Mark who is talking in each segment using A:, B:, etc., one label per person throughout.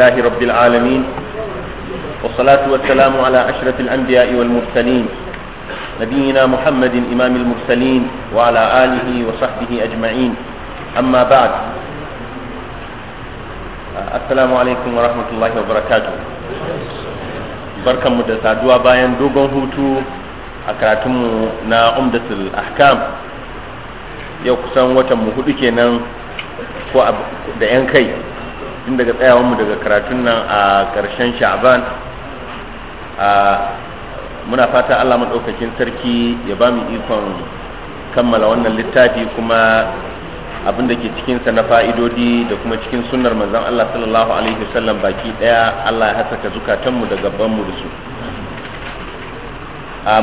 A: لله رب العالمين والصلاة والسلام على أشرف الأنبياء والمرسلين نبينا محمد إمام المرسلين وعلى آله وصحبه أجمعين أما بعد السلام عليكم ورحمة الله وبركاته بركة da saduwa باين dogon هوتو a نا عمدة الأحكام يوكسان yau kusan watan mu hudu kenan tun daga mu daga karatun nan a ƙarshen sha'ban muna fata allah maɗaukakin sarki ya ba mu ikon kammala wannan littafi kuma abin da ke cikinsa na fa'idodi da kuma cikin sunnar manzon allah sallallahu alaihi wasallam baki ɗaya allah ya hasaka zukatanmu da gabanmu da su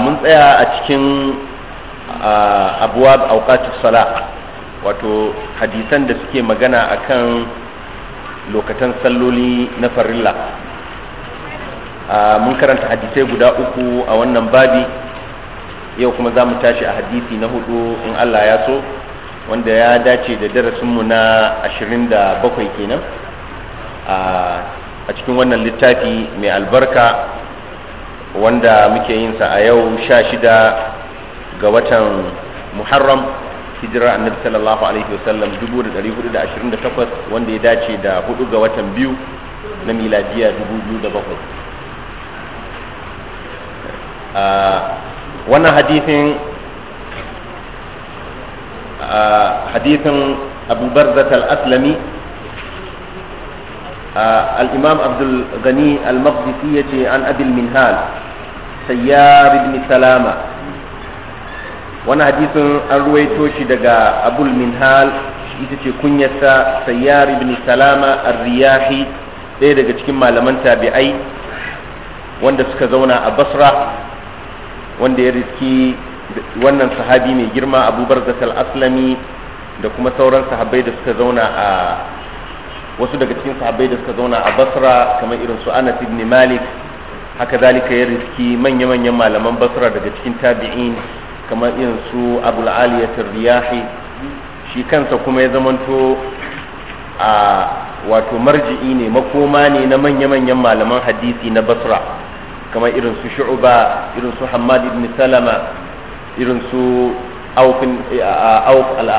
A: mun tsaya a cikin abuwa auqatus sala wato hadisan da suke magana akan lokatan salloli na farilla mun karanta hadisai guda uku a wannan babi yau kuma za mu tashi a hadisi na hudu in Allah ya so wanda ya dace da darasinmu na ashirin da bakwai kenan a cikin wannan littafi mai albarka wanda muke yinsa a yau sha shida ga watan muharram hijirar annabi sallallahu alaihi wasallam 1428 wanda ya dace da hudu ga watan biyu na miladiya 2007 wannan hadithin hadithin abubar zatal aslami الإمام عبد الغني المقدسي عن أبي المنهال سيار بن سلامة wani hadisin an ruwaito shi daga abul minhal ita ce kunyarsa sayyar ibn salama ar-riyahi ɗaya daga cikin malaman tabi'ai wanda suka zauna a basra wanda ya riski wannan sahabi mai girma abu barzat al-aslami da kuma sauran sahabbai da suka zauna a wasu daga cikin sahabbai da suka zauna a basra kamar irin su anas ibn malik haka zalika ya riski manya-manyan malaman basra daga cikin tabi'in kamar irin su abul aliyatul riyahi shi kansa kuma ya zamanto a wato marji'i ne makoma ne na manya-manyan malaman hadisi na basra kamar irin su shu'ba irin su hamad ibn salama irin su auf al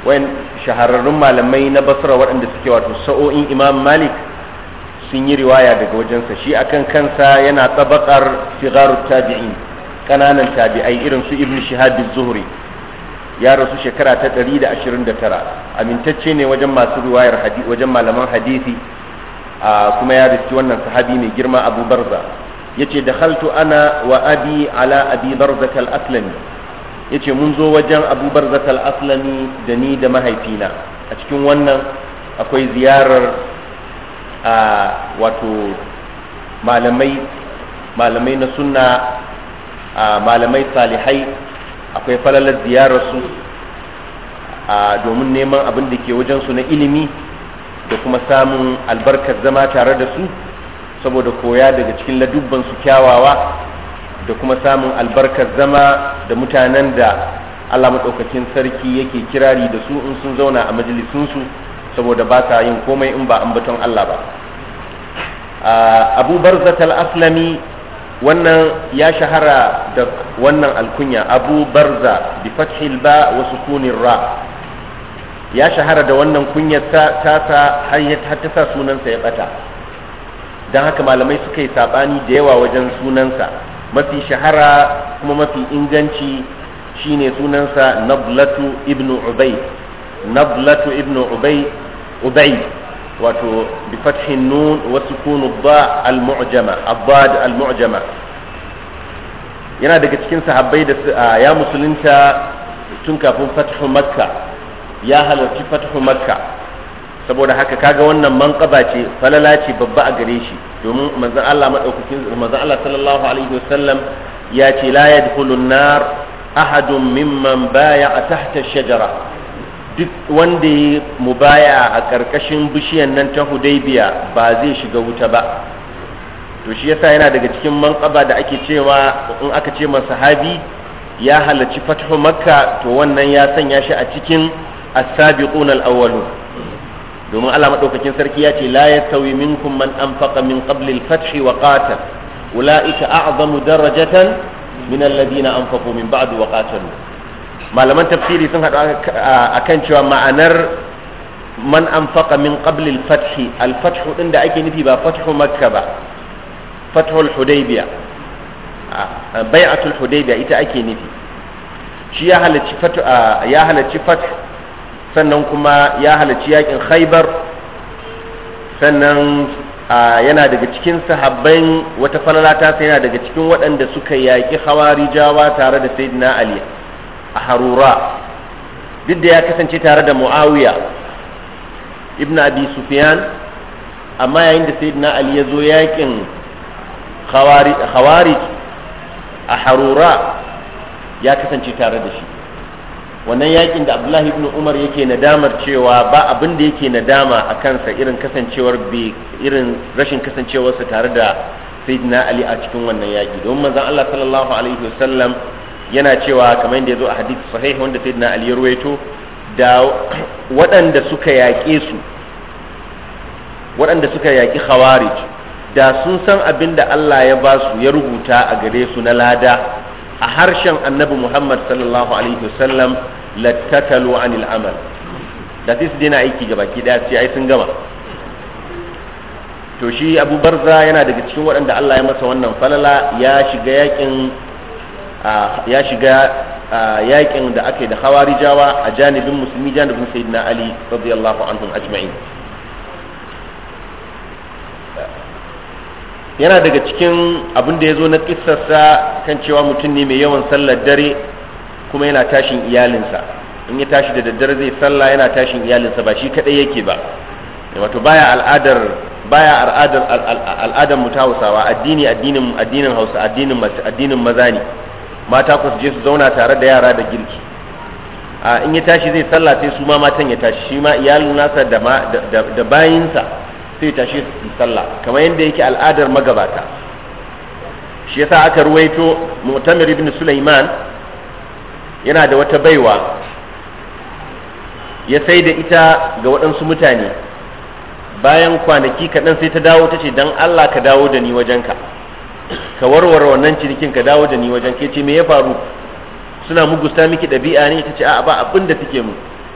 A: wayan shahararrun malamai na basra waɗanda suke wato sa'o'in imam malik sun yi riwaya daga wajensa shi akan kansa yana tabakar sigaru tabi'in kananan tabi'ai irin su ibn shihab zuhri ya rasu shekara ta 129 amintacce ne wajen masu riwayar hadisi wajen malaman hadisi kuma ya riski wannan sahabi mai girma Abu Barza da haltu ana wa abi ala abi Barza al-Aslami yace mun zo wajen Abu Barza al-Aslami da ni da mahaifina a cikin wannan akwai ziyarar wato malamai malamai na sunna malamai salihai akwai falalar ziyararsu domin neman abin da ke wajensu na ilimi da kuma samun albarkar zama tare da su saboda koya daga cikin ladubbansu kyawawa da kuma samun albarkar zama da mutanen da allah maɗaukakin sarki yake kirari da su in sun zauna a majalisunsu saboda ba sa yin komai in ba ambaton allah ba abu barzatal aslami wannan ya shahara da wannan alkunya abu barza bi fathil ba wa sukunin ra ya shahara da wannan kunyar ta ta har ta sa sunansa ya bata don haka malamai suka yi sabani da yawa wajen sunansa mafi shahara kuma mafi inganci shine sunansa nablatu ibnu ubay nablatu ibnu ubay ubay wato bi fathin nun wa sukun ad-da al-mu'jama al mujama ad al mujama
B: yana daga cikin sahabbai da ya musulunta
A: tun kafin fathu makka ya halarci fathu makka saboda haka kaga wannan manqaba ce falala ce babba a gare shi domin manzon Allah madaukakin manzon Allah sallallahu alaihi wasallam ya ce la yadkhulun nar ahadun mimman baya tahta shajara duk wanda ya mubaya a ƙarƙashin bishiyan nan ta hudaibiya ba zai shiga wuta ba to shi yasa yana daga cikin manƙaba da ake cewa in aka ce sahabi ya halarci fathu makka to wannan ya sanya shi a cikin as-sabiqun al-awwalun domin Allah madaukakin sarki ya ce la min minkum man anfaqa min qabli al-fath wa qatal ulaika a'zamu darajatan min alladhina anfaqu min ba'd wa qatalu malaman tafsiri sun haɗu akan cewa ma'anar man anfaqa min qabli al-fath al da ake nufi ba fathu makka ba fathul hudaybiya bai'atul hudaybiya ita ake nufi shi ya halarci fathu ya halarci fath sannan kuma ya halarci yakin khaybar sannan yana daga cikin sahabban wata ta sai yana daga cikin waɗanda suka yaƙi hawarijawa tare da sayyidina ali a harura duk da ya kasance tare da muawiya ibn abi sufyan amma yayin da sayyidina ali ya zo yakin khawari a harura ya kasance tare da shi wannan yakin da abdullahi ibn umar yake nadamar cewa ba abin da yake nadama a kansa irin kasancewar irin rashin kasancewarsa tare da sayyidina ali a cikin wannan yaki don manzon Allah sallallahu alaihi wasallam yana cewa kamar yadda ya zo a hadith sahih wanda sai ali aliyar waito da waɗanda suka yaƙe su waɗanda suka yaƙi khawarij da sun san abin da Allah ya ba su ya rubuta a gare su na lada a harshen annabi Muhammad sallallahu alaihi wasallam lattatalu anil amal da su dina aiki ga baki da sai ai sun gama to shi Abu Barza yana daga cikin waɗanda Allah ya masa wannan falala ya shiga yakin ya shiga yakin da aka yi da rijawa a janibin musulmi janibin sayyidina ali radiyallahu anhu ajma'in yana daga cikin abin da ya zo na kissarsa kan cewa mutum ne mai yawan sallar dare kuma yana tashin iyalinsa in ya tashi da daddare zai sallah yana tashin iyalinsa ba shi kadai yake ba wato baya al'adar baya al'adar al'adar mu addini addinin addinin hausa addinin addinin maza ne mata ku je su zauna tare da yara da girki a in ya tashi zai sallah sai su ma matan ya tashi shi ma iyalin nasa da da bayinsa sai tashi su sallah kamar yadda yake al'adar magabata shi yasa aka ruwaito mu'tamir ibn sulaiman yana da wata baiwa ya sai da ita ga waɗansu mutane bayan kwanaki kaɗan sai ta dawo ta ce don allah ka dawo da ni wajenka ka warware wannan cinikin ka dawo da ni wajen ke ce me ya faru suna mugusta miki ɗabi'a ne ta ce a'a ba abin da take mu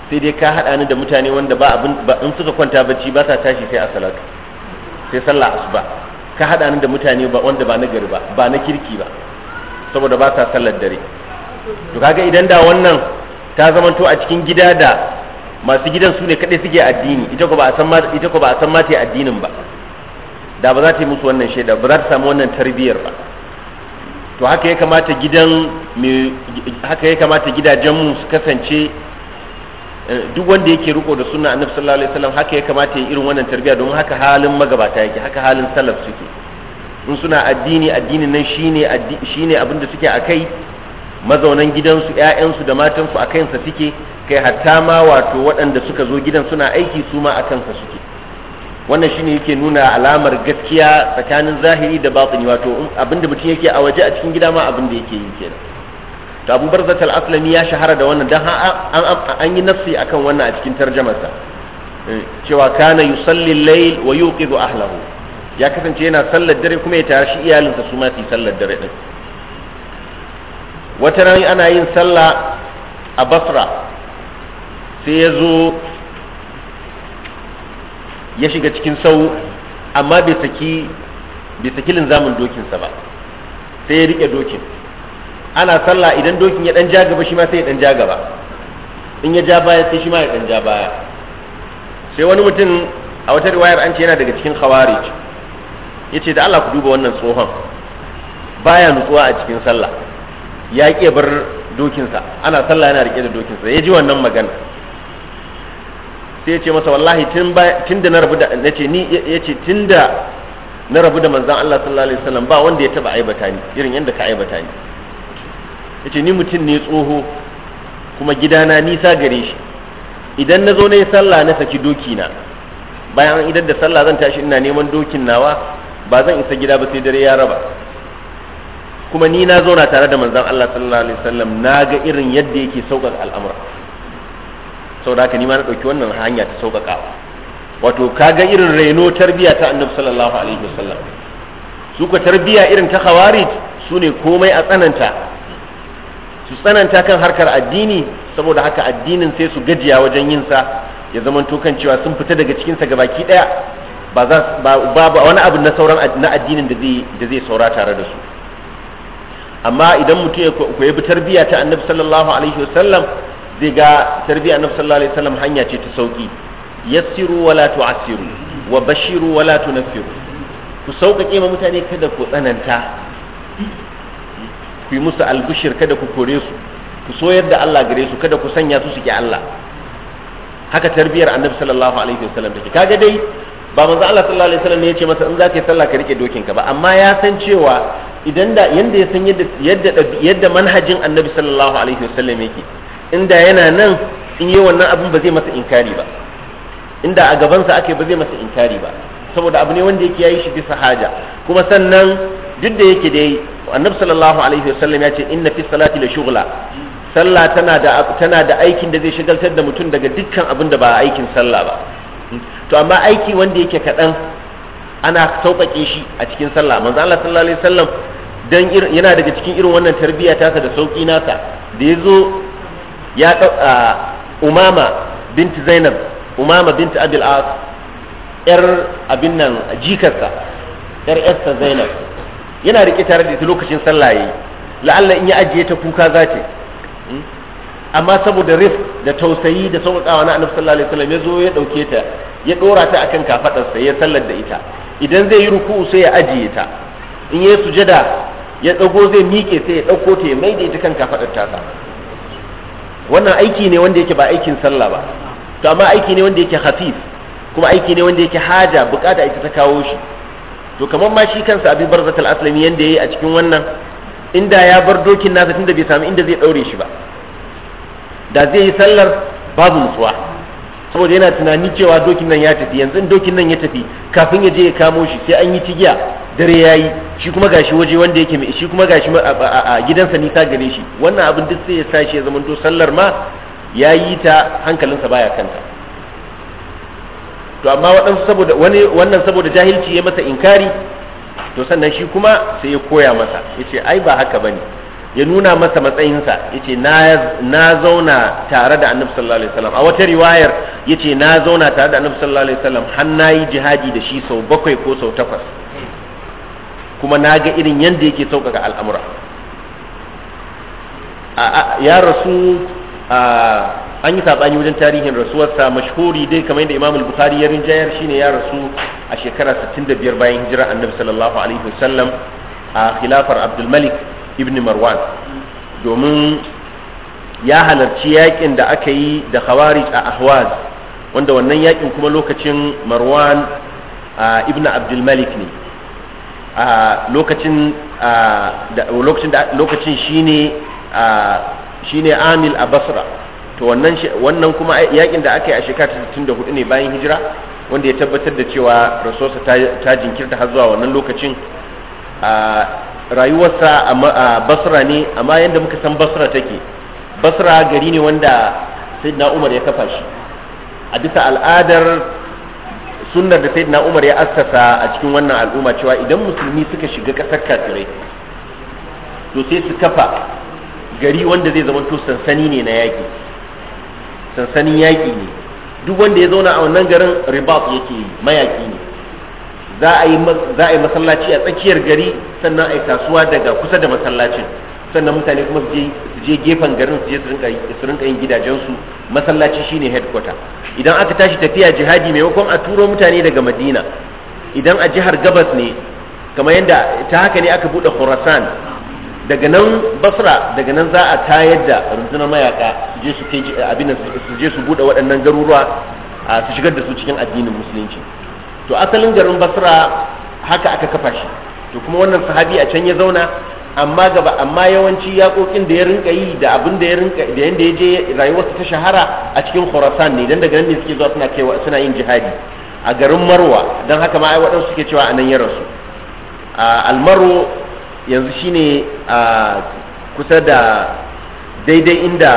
A: sai dai ka haɗa ni da mutane wanda ba abin in suka kwanta bacci ba sa tashi sai a salatu sai sallah asuba ka haɗa ni da mutane ba wanda ba na gari ba ba na kirki ba saboda ba sa sallar dare to kaga idan da wannan ta zamanto a cikin gida da masu gidan su ne kadai suke addini ita ko ba a san ma ita ko ba a san ma ta addinin ba da ba za ta yi musu wannan shaida ba za ta samu wannan tarbiyyar ba to haka ya kamata gidan haka ya kamata gidajen mu su kasance eh, duk wanda yake riko da sunna annabi sallallahu alaihi wasallam haka ya kamata ya irin wannan tarbiyya domin haka halin magabata yake haka halin salaf suke in suna addini addinin nan shine shine abin da suke akai mazaunan gidansu ƴaƴansu da matansu a kansa suke kai hatta ma wato waɗanda suka zo gidan suna aiki su ma a kansa suke wannan shine yake nuna alamar gaskiya tsakanin zahiri da batini wato da mutum yake a waje a cikin gida ma da yake yi kenan to Abu Barzat al-Aslami ya shahara da wannan dan an yi nafsi akan wannan a cikin tarjamarsa eh, cewa kana yusalli al-layl wa yuqidu ahlahu ya kasance yana sallar dare kuma ya tashi iyalinsa su ma su sallar dare din wata rana ana yin sallah a Basra sai ya zo ya shiga cikin sau amma bai saki bai saki linzamin dokinsa ba sai ya rike dokin ana sallah idan dokin ya dan ja gaba shi ma sai ya dan ja gaba in ya ja baya sai shi ma ya dan ja baya sai wani mutum a wata riwayar an ce yana daga cikin khawarij yace da Allah ku duba wannan tsohon baya nutsuwa a cikin sallah ya ke bar dokinsa ana sallah yana rike da dokinsa ya ji wannan magana sai ya ce masa wallahi tun da na rabu da na ce ni ya ce tun da na rabu da manzan Allah sallallahu alaihi wasallam ba wanda ya taba aibata ni irin yadda ka aibata ni ya ce ni mutum ne tsoho kuma gidana nisa gare shi idan na zo na yi sallah na saki doki na bayan idan da sallah zan tashi ina neman dokin nawa ba zan isa gida ba sai dare ya raba kuma ni na zauna tare da manzan Allah sallallahu alaihi wasallam na ga irin yadda yake sauƙaƙa al'amura saboda haka ni na ɗauki wannan hanya ta sauƙaƙawa wato ka ga irin raino tarbiya ta annabi sallallahu alaihi wasallam su ka tarbiya irin ta khawarij su ne komai a tsananta su tsananta kan harkar addini saboda haka addinin sai su gajiya wajen yin sa ya zama tokan cewa sun fita daga cikin sa gabaki daya ba za ba wani abu na sauran na addinin da zai da zai saura tare da su amma idan mutum ya koyi tarbiya ta annabi sallallahu alaihi wasallam zai ga tarbiyyar annabi sallallahu alaihi wasallam hanya ce ta sauki yassiru wala tu'assiru wa bashiru wala tunaffiru ku sauƙaƙe ma mutane kada ku tsananta ku yi musu albishir kada ku kore su ku soyar da Allah gare su kada ku sanya su su ki Allah haka tarbiyar annabi sallallahu alaihi wasallam take kaga dai ba manzo Allah sallallahu alaihi wasallam ne ya ce masa in zaka yi sallah ka rike dokin ka ba amma ya san cewa idan da yanda ya san yadda yadda yadda manhajin annabi sallallahu alaihi wasallam yake inda yana nan in yi wannan abin ba zai masa inkari ba inda a gabansa ake ba zai masa inkari ba saboda abu ne wanda yake yayi shi bisa haja kuma sannan duk da yake dai annabi sallallahu alaihi wasallam ya ce inna fi salati la shughla sallah tana da tana da aikin da zai shagaltar da mutum daga dukkan abin da ba aikin sallah ba to amma aiki wanda yake kaɗan ana sauƙaƙe shi a cikin sallah manzo Allah sallallahu alaihi wasallam dan yana daga cikin irin wannan tarbiyya ta da sauƙi nasa da yazo ya umama binti zainab umama binti abil as yar abin nan jikarsa yar yarsa zainab yana rike tare da ita lokacin sallah yayi la'alla in ya ajiye ta kuka za hmm? amma saboda rif da tausayi da sauƙaƙawa na annabi sallallahu alaihi wasallam ya zo ya dauke ta ya dora ta akan kafadarsa ya sallar da ita idan zai yi ruku'u sai ya ajiye ta in ya sujada ya dago zai miƙe sai ya dauko ta ya maida ita kan kafadar ta wannan aiki ne wanda yake ba aikin sallah ba to amma aiki ne wanda yake hafif kuma aiki ne wanda yake haja bukata ita ta kawo shi to kamar ma shi kansa abin barzatul aslami yanda yayi a cikin wannan inda ya bar dokin nasa tunda bai samu inda zai daure shi ba da zai yi sallar babu nutsuwa saboda yana tunani cewa dokin nan ya tafi yanzu dokin nan ya tafi kafin ya je ya kamo shi sai an yi tigiya dare ya yi shi kuma gashi waje wanda yake mai shi kuma gashi a gidansa nisa gare shi wannan abin duk sai ya shi ya zamanto sallar ma ya yi ta hankalinsa baya kanta to amma waɗansu saboda wani wannan saboda jahilci ya masa inkari to sannan shi kuma sai ya koya masa yace ai ba haka bane ya nuna masa matsayinsa yace na na zauna tare da Annabi sallallahu alaihi wasallam a wata riwayar yace na zauna tare da Annabi sallallahu alaihi wasallam har nayi jihadi da shi sau bakwai ko sau takwas kuma na ga irin yadda yake sauƙaƙa al'amura ya rasu an yi saɓani wajen tarihin rasuwarsa mashhuri dai kamar yadda imam al-bukhari ya rinjayar shine ya rasu a shekara 65 bayan hijira annabi sallallahu alaihi wasallam a khilafar Abdulmalik malik ibn marwan domin ya halarci yakin da aka yi da khawarij a ahwaz wanda wannan yakin kuma lokacin marwan ibn Abdulmalik ne a lokacin lokacin ne amil a basra to wannan kuma yakin da aka yi a shekara 64 ne bayan hijira wanda ya tabbatar da cewa rasosa ta jinkirta har zuwa wannan lokacin rayuwarsa a basra ne amma yadda muka san basra take basra gari ne wanda sayyidina umar ya kafa shi a bisa al'adar sunnar da sayyidina Umar ya assasa a cikin wannan al'umma cewa idan musulmi suka shiga kasar kafirai to sai su kafa gari wanda zai zama to sansani ne na yaki sansanin yaki ne duk wanda ya zauna a wannan garin ribat yake yi mayaki ne za a yi masallaci a tsakiyar gari sannan a yi kasuwa daga kusa da masallacin sannan mutane kuma su je gefen garin su je su rinka yin gidajensu masallaci shine headquarter idan aka tashi tafiya jihadi mai maimakon a turo mutane daga madina idan a jihar gabas ne kamar yadda ta haka ne aka buɗe khurasan daga nan basra daga nan za a tayar da rundunar mayaka je su su je su buɗe waɗannan garuruwa su shigar da su cikin addinin musulunci to asalin garin basra haka aka kafa shi to kuma wannan sahabi a can ya zauna amma gaba amma yawanci yakokin da ya rinka yi da abin da ya rinka da yanda ya je rayuwarsa ta shahara a cikin Khurasan ne dan daga nan ne suke zuwa suna kaiwa suna yin jihadi a garin Marwa dan haka ma ai waɗansu suke cewa anan ya rasu almaro yanzu shine a kusa da daidai inda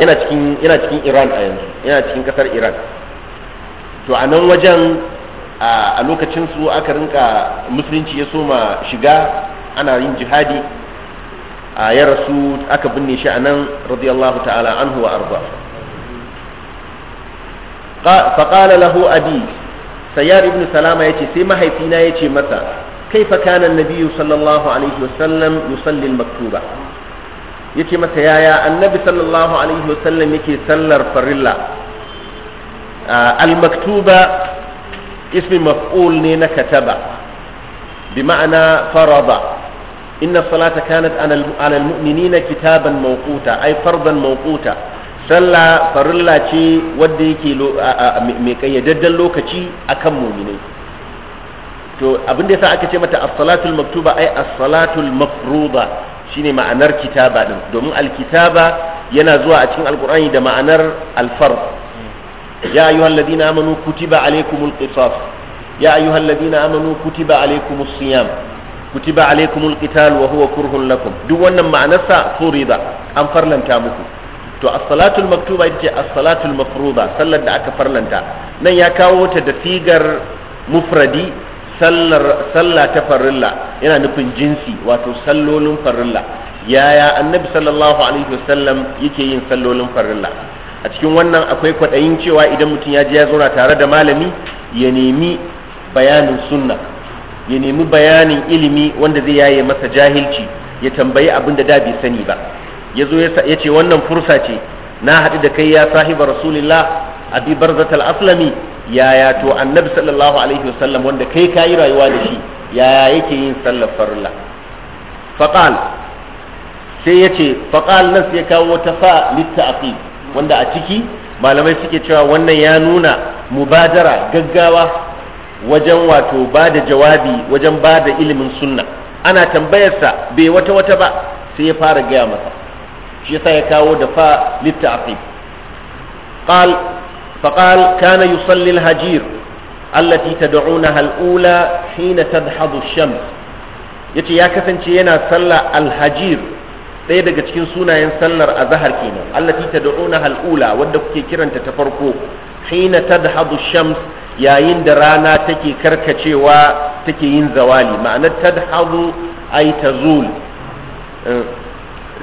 A: yana cikin yana cikin Iran a yanzu yana cikin kasar Iran to a nan wajen a lokacin su aka rinka musulunci ya soma shiga ana yin jihadi a ya rasu aka binne shi a nan radiyallahu ta'ala anhu wa arba faƙala lahu abi sayyar ibn salama ya ce sai mahaifina ya ce masa كيف كان النبي صلى الله عليه وسلم يصلي ya يكي متى يا يا النبي صلى الله عليه sallar يكي al-maktuba ismi المكتوبة ne na kataba كتب ma'ana فرض inna salata kanat ala almu'minina kitaban mawquta ay fardan mawquta sallah farilla ce wadda yake mai kayyadaddan lokaci akan mu'minai to abin da yasa aka ce mata as-salatul maktuba ay as-salatul mafruḍa shine ma'anar kitaba din domin al yana zuwa a cikin alqur'ani da ma'anar al-fard ya ayyuhal ladina amanu kutiba alaykumul qisas ya ayyuhal ladina amanu kutiba alaykumus siyam kutiba alaikumul qital wa huwa kurhun lakum duk wannan ma'anarsa furida an farlanta muku to as-salatul maktuba ita ce as-salatul mafruda sallar da aka farlanta nan ya kawo ta da sigar mufradi sallar salla ta farilla yana nufin jinsi wato sallolin farilla yaya annabi sallallahu alaihi wasallam yake yin sallolin farilla a cikin wannan akwai kwaɗayin cewa idan mutum ya je ya zauna tare da malami ya nemi bayanin sunna ya nemi bayanin ilimi wanda zai yaye masa jahilci ya tambayi abin da da bai sani ba ya zo ya ce wannan fursa ce na haɗu da kai ya sahiba rasulillah abi barzat al yaya to annabi sallallahu alaihi wasallam wanda kai kayi rayuwa da shi yaya yake yin sallar farilla faqal sai ya ce faqal nan sai kawo wata fa litta'aqi wanda a ciki malamai suke cewa wannan ya nuna mubadara gaggawa wajen wato ba da jawabi wajen ba da ilimin sunna ana tambayarsa bai wata wata ba sai ya fara gaya masa shi yasa ya kawo da fa litta'aqib qal فقال كان يصلي الهجير التي تدعونها الأولى حين تدحض shams yace ya kasance yana sallah alhajir ɗaya daga cikin sunayen sallar azahar kenan allati tad'una alula wadda kuke kiranta ta farko hina tadhadu shams yayin da rana take karkacewa take yin zawali ma'anar tadhabu ay tazul eh,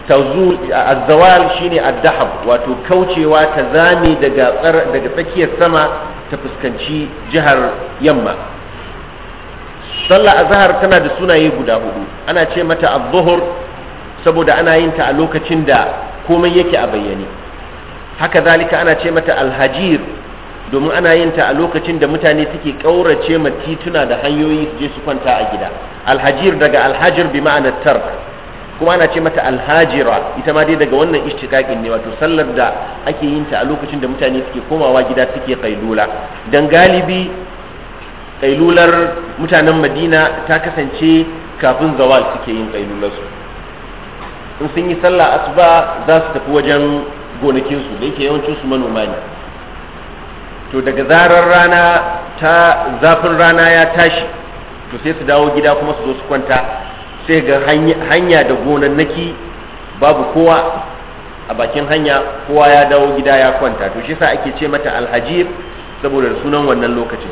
A: tazul az-zawal shine ad wato kaucewa ta zame daga tsakiyar sama ta fuskanci jihar yamma sallah azhar tana da sunaye guda hudu ana ce mata az saboda ana yin ta a lokacin da komai yake a bayyane haka zalika ana ce mata alhajir domin ana yin ta a lokacin da mutane suke kaurace ma tituna da hanyoyi su je su kwanta a gida alhajir daga alhajir bi ma'ana tark kuma ana ce mata alhajira ita ma dai daga wannan ishtiqaqin ne wato sallar da ake yin ta a lokacin da mutane suke komawa gida suke kailula dan galibi kailular mutanen Madina ta kasance kafin zawal suke yin su in sun yi sallah asuba za su tafi wajen gonakinsu da yake yawancin su manoma ne to daga zarar rana ta zafin rana ya tashi to sai su dawo gida kuma su zo su kwanta sai ga hanya da naki babu kowa a bakin hanya kowa ya dawo gida ya kwanta to shi sa ake ce mata alhajir saboda sunan wannan lokacin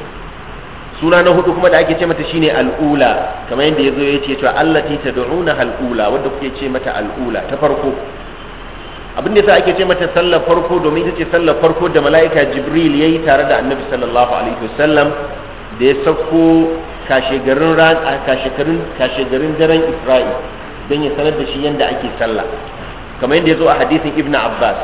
A: suna na hudu kuma da ake ce mata shine al'ula kamar yadda yazo ya ce to allati tad'una al'ula wadda kuke ce mata al'ula ta farko abin da yasa ake ce mata sallar farko domin ita ce sallar farko da mala'ika jibril yayi tare da annabi sallallahu alaihi wasallam da ya sauko garin ran kashegarin garin daren isra'i don ya sanar da shi yadda ake sallah kamar yadda ya zo a hadisin ibnu abbas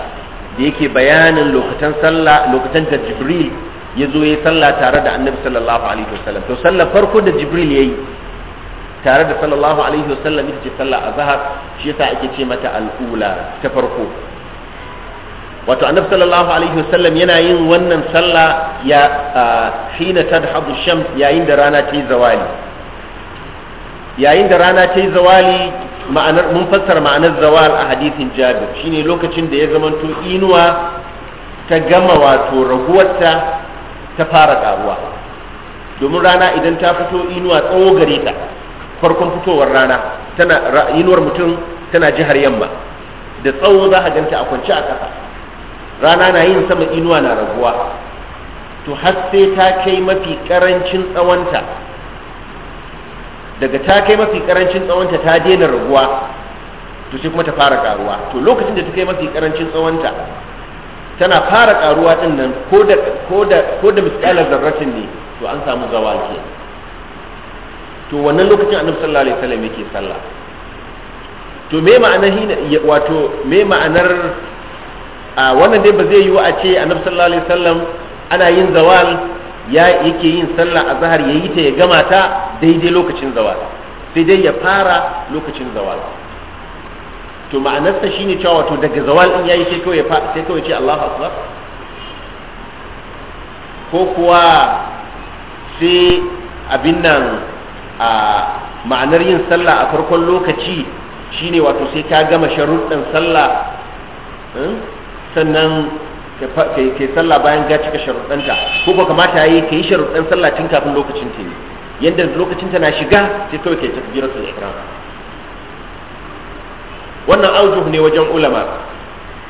A: da yake bayanin lokutan sallah lokutan da jibril ya zo ya sallah tare da annabi sallallahu alaihi wasallam to sallar farko da jibril yayi tare da sallallahu alaihi wasallam ita ce sallah azhar shi yasa ake ce mata al'ula ta farko wato annabi sallallahu alaihi wasallam yana yin wannan sallah ya hina tadhabu shams yayin da rana ta yi zawali yayin da rana ta yi zawali ma'anar mun fassara ma'anar zawal a hadisin jabir shine lokacin da ya zamanto inuwa ta gama wato raguwarta ta fara karuwa domin rana idan ta fito inuwa tsawo gare ta farkon fitowar rana tana yinuwar mutum tana jihar yamma da tsawo za a ganta a kwance a ƙasa rana na yin sama inuwa na raguwa to har sai ta kai mafi ƙarancin tsawonta daga ta kai mafi ƙarancin tsawonta ta daina raguwa to sai kuma ta fara ƙaruwa to lokacin da ta kai mafi ƙarancin tsawonta tana fara ƙaruwa ɗin nan ko da ko da ko da misalar zarratin ne to an samu zawa kenan to wannan lokacin annabi sallallahu alaihi wasallam yake sallah to me ma'anar hina wato me ma'anar a wannan dai ba zai yi wa a ce annabi sallallahu alaihi wasallam ana yin zawal ya yake yin sallah a zahar yayi ta ya gama ta daidai lokacin zawal sai dai ya fara lokacin zawal to ma'anar sa shine cewa wato daga zawal din yayi sai kawai sai kawai ce Allahu akbar ko kuwa sai abin nan a ma'anar yin sallah a farkon lokaci shine wato sai ka gama sharuɗin sallah hmm? sannan ke sallah bayan ga cika sharuɗanta ko ba kamata yi ka yi sharuɗin sallah tun kafin lokacin ta ne yadda lokacin na shiga sai kawai ka yi takbiratul ihram wannan aujuh ne wajen ulama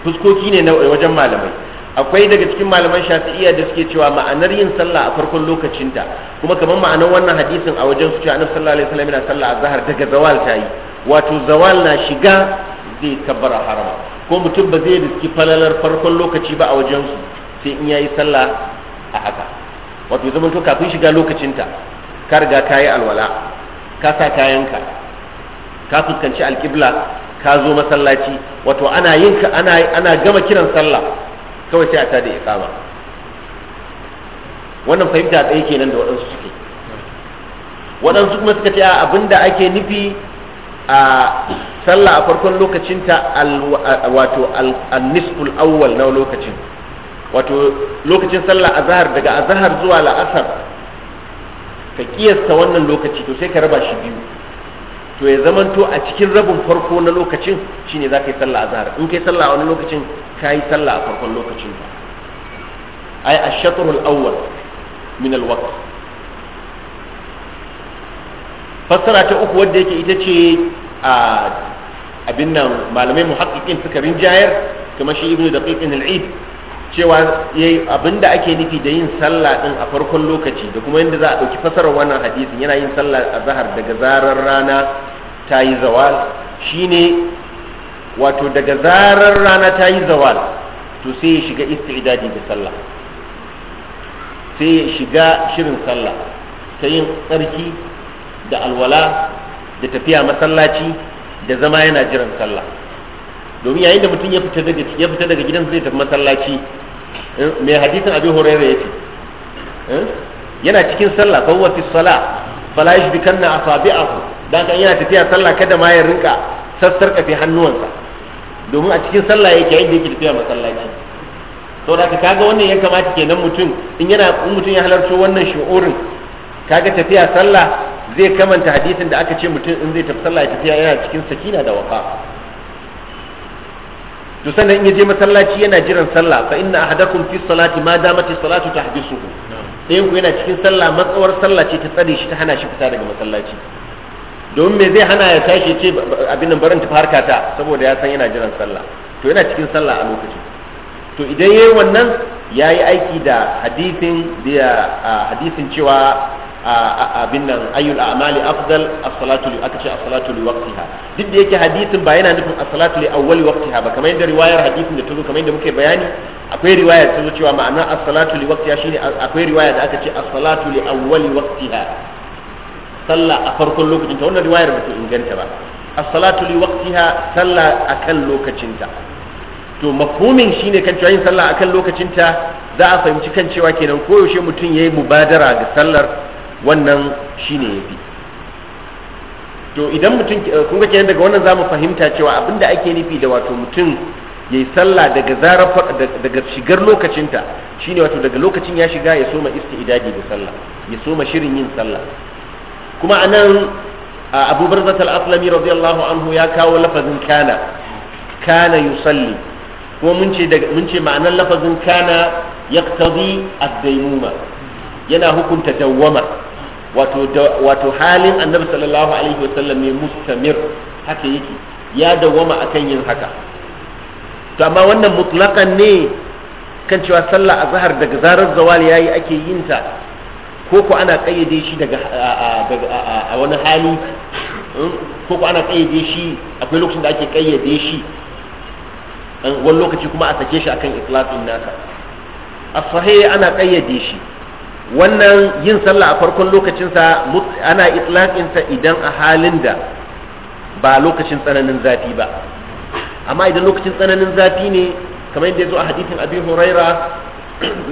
A: fuskoki ne wajen malamai akwai daga cikin malaman shafi'iyya da suke cewa ma'anar yin sallah a farkon lokacinta kuma kamar ma'anar wannan hadisin a wajen su cewa annabi sallallahu alaihi wasallam yana sallah azhar daga zawal tayi wato zawal na shiga zai kabbara harama ko mutum ba zai riski falalar farkon lokaci ba a wajen su sai in yayi sallah a haka wato zama to kafin shiga lokacinta ka riga ka yi alwala ka sa kayanka ka fuskanci alkibla ka zo masallaci wato ana yin ana ana gama kiran sallah kawai sai a ta da iqama wannan fahimta tsaye kenan da waɗansu suke waɗansu kuma suka ce da ake nufi a sallah a farkon lokacin ta wato al-nisful awwal na lokacin wato lokacin sallah azhar daga azhar zuwa la'asar ka kiyasta wannan lokaci to sai ka raba shi biyu to ya zamanto a cikin rabin farko na lokacin shine za ka yi sallah azhar in kai sallah a wani lokacin ka yi sallah a farkon lokacin ka ai ash al-awwal min al fassara ta uku wadda yake ita ce a abin nan malamai muhaqqiqin suka rinjayar kamar shi ibnu da al-eid cewa yayi abinda ake nufi da yin sallah din a farkon lokaci da kuma yanda za a dauki fasarar wannan hadisin yana yin sallah azhar daga zarar rana ta yi zawal shine wato daga zarar rana ta yi zawal to sai ya shiga istidadi da sallah sai ya shiga shirin sallah ta yin tsarki da alwala da tafiya masallaci da zama yana jiran sallah domin yayin da mutum ya fita daga ya fita daga gidan zai tafi masallaci eh, mai hadisin abi hurairah yace eh, yana cikin sallah fa huwa fi salah fala yashbikanna asabi'ahu dan kan yana tafiya sallah kada ma ya rinka sassarka fi hannuwansa domin a cikin sallah yake yayin da yake tafiya masallaci to da kaga wannan ya kamata kenan mutum in yana in mutum ya halarto wannan shu'urin kaga tafiya sallah zai kamanta hadisin da aka ce mutum in zai tafi sallah ya tafiya yana cikin sakina da Wafa. to sannan in ya je masallaci yana jiran sallah fa inna ahadakum fi salati ma damati salatu tahbisuhu sai ku yana cikin sallah matsawar sallah ce ta tsare shi ta hana shi fita daga masallaci domin me zai hana ya tashi ce abin nan barin tafi harkata saboda ya san yana jiran sallah to yana cikin sallah a lokacin to idan yayi wannan yayi aiki da hadisin da hadisin cewa abin nan ayyul a'mali afdal as-salatu aka ce as-salatu li waqtiha duk da yake hadisin ba yana nufin as-salatu li awwali waqtiha ba kamar yadda riwayar hadisin da tazo kamar yadda muke bayani akwai riwaya da tazo cewa ma'ana as-salatu li waqtiha shine akwai riwaya da aka ce as-salatu li awwali waqtiha sallah a farkon lokacin ta wannan riwayar ba ta inganta ba as-salatu li waqtiha sallah akan lokacinta to mafhumin shine kan cewa yin sallah akan lokacinta za a fahimci kan cewa kenan koyaushe mutum yayi mubadara ga sallar wannan shine fi to idan mutum eh, kun ga kenan daga wannan zamu fahimta cewa abinda ake nufi da wato mutum yayi sallah daga zarar daga shigar lokacinta shine wato daga lokacin ya shiga ya soma istidadi da sallah ya soma shirin yin sallah kuma anan Abu Barzat al-Aslami radiyallahu anhu ya kawo lafazin kana kana yusalli kuma mun ce mun ce ma'anar lafazin kana yaqtadi ad-daymuma yana hukunta dawwama wato halin annabi sallallahu alaihi wasallam ne mustamir haka yake ya dawwama akan yin haka to amma wannan mutlaqan ne kan cewa sallah azhar daga zarar zawali yayi ake yin ta ko ko ana kayyade shi daga a wani hali hmm, ko ko ana kayyade shi akwai lokacin da ake kayyade shi hmm, wani lokaci kuma a sake shi akan itlaqin nasa as ana kayyade shi wannan yin sallah a farkon lokacinsa ana itlaƙinsa idan a halin da ba lokacin tsananin zafi ba amma idan lokacin tsananin zafi ne kamar yadda ya zo a hadithin abi huraira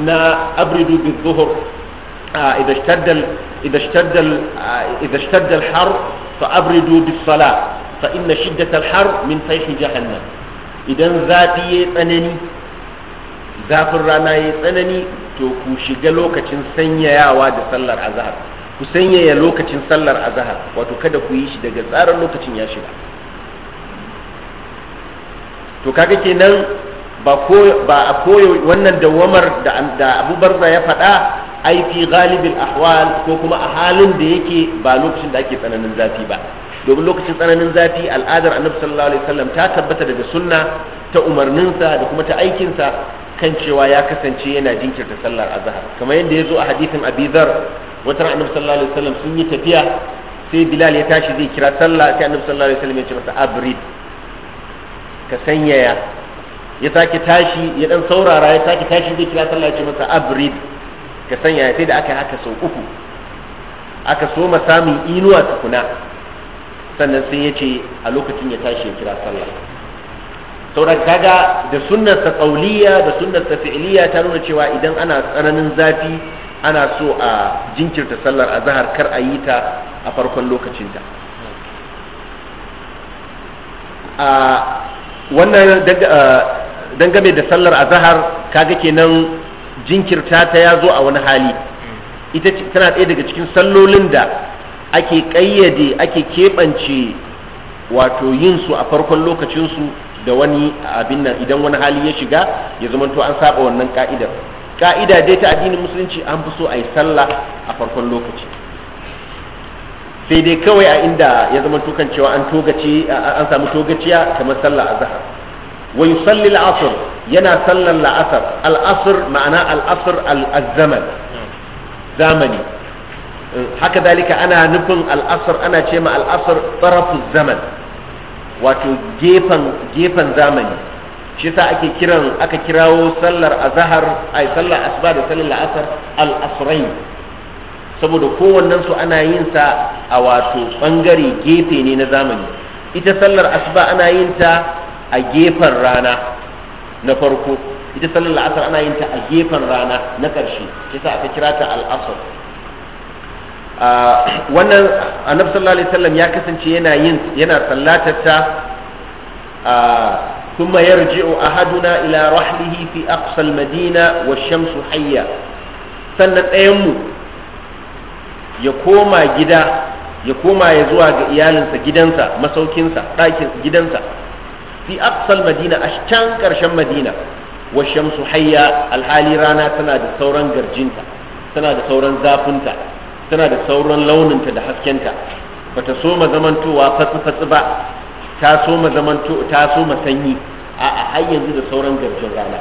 A: na abridu bin zuhur idan اشتد har fa abridu اشتد الحر فأبردوا بالصلاة فإن har الحر من فيح Idan zafi ya tsanani zafin rana ya tsanani to ku shiga lokacin sanyayawa da sallar azahar, ku sanyaya lokacin sallar azhar wato kada ku yi shi daga tsarin lokacin ya shiga to kaga kenan ba ko ba a koyo wannan dawamar da da Abu Barza ya faɗa ai fi ghalibul ahwal ko kuma a halin da yake ba lokacin da ake tsananin zafi ba domin lokacin tsananin zafi al'adar Annabi sallallahu alaihi wasallam ta tabbata daga sunna ta umarninsa da kuma ta aikinsa kan cewa ya kasance yana jinkirta sallar azhar kamar yadda ya zo a hadisin abi dhar wata ran annabi sallallahu alaihi wasallam sun yi tafiya sai bilal ya tashi zai kira sallah sai annabi sallallahu alaihi wasallam ya ce masa abrid ka sanyaya ya sake tashi ya dan saurara ya sake tashi zai kira sallah ya ce masa abrid ka sanyaya sai da aka haka sau uku aka ma samun inuwa tukuna sannan sai ya ce a lokacin ya tashi ya kira sallah sauran kaga da sunnar ta da sunnar ta fi'liya ta nuna cewa idan ana tsananin zafi ana so a jinkirta sallar azhar kar a yi ta a farkon lokacinta a wannan dangane da sallar azahar kaga kenan jinkirta ta ya zo a wani hali ita tana ɗaya daga cikin sallolin da ake ƙayyade ake keɓance wato yin su a farkon lokacinsu da wani abin nan idan wani hali ya shiga ya zama to an saba wannan ka'idar ka'ida dai ta addinin musulunci an fi so a yi sallah a farkon lokaci sai dai kawai a inda ya zama kan cewa an togaci an samu togaciya kamar sallah azhar wa yusalli al-asr yana sallan la'asar al-asr ma'ana al-asr al-zaman zamani haka dalika ana nufin al-asr ana ce ma al-asr tarafu zaman wato gefen gefen zamani shi sa ake kiran aka kirawo sallar azahar ai sallar asuba da sallar la'asar al'asurai saboda kowannen su ana yin sa a wato bangare gefe ne na zamani ita sallar asuba ana yin ta a gefen rana na farko ita sallar la'asar ana yin ta a gefen rana na ƙarshe shi sa aka kira ta al wannan annabi sallallahu alaihi wasallam ya kasance yana yin yana a Haduna ila أحدنا fi رحله في أقصى المدينة والشمس حية sannan ɗayanmu ya koma gida ya koma ya zuwa ga iyalinsa gidansa masaukinsa ɗakin gidansa fi aqsal madina a can ƙarshen madina wa shamsu hayya alhali rana tana da sauran garjinta tana da sauran zafinta tana da sauran launinta da haskenta bata so ma zamantowa fatsi fatsi ba ta soma zamanto ta so sanyi a har yanzu da sauran garjin rana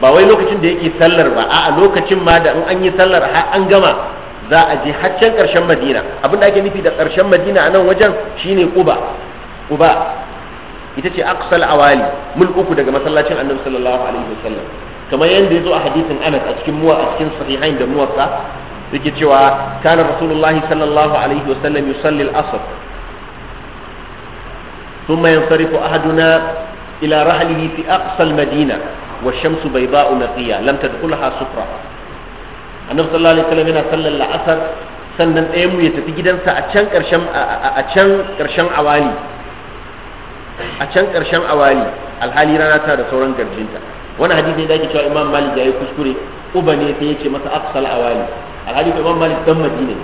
A: ba wai lokacin da yake sallar ba a lokacin ma da in an yi sallar har an gama za a je haccen ƙarshen madina abin da ake nufi da ƙarshen madina a nan wajen shine kuba kuba ita ce aqsal awali mul daga masallacin annabi sallallahu alaihi wasallam kamar yadda ya zo a hadisin anas a cikin muwa a cikin sahihain da muwarsa yake cewa kana rasulullahi sallallahu alaihi wa sallam yusalli al-asr ثم ينصرف أحدنا إلى رحله في أقصى المدينة والشمس بيضاء نقية لم تدخلها سفرة النبي صلى الله عليه وسلم صلى العصر sannan ɗaya mu ya tafi gidansa a can ƙarshen a can ƙarshen awali a can ƙarshen awali alhali rana ta da sauran garjinta wani hadisi da yake cewa imam malik ya yi kuskure uba ne sai ya ce masa afsal awali alhali imam malik dan madina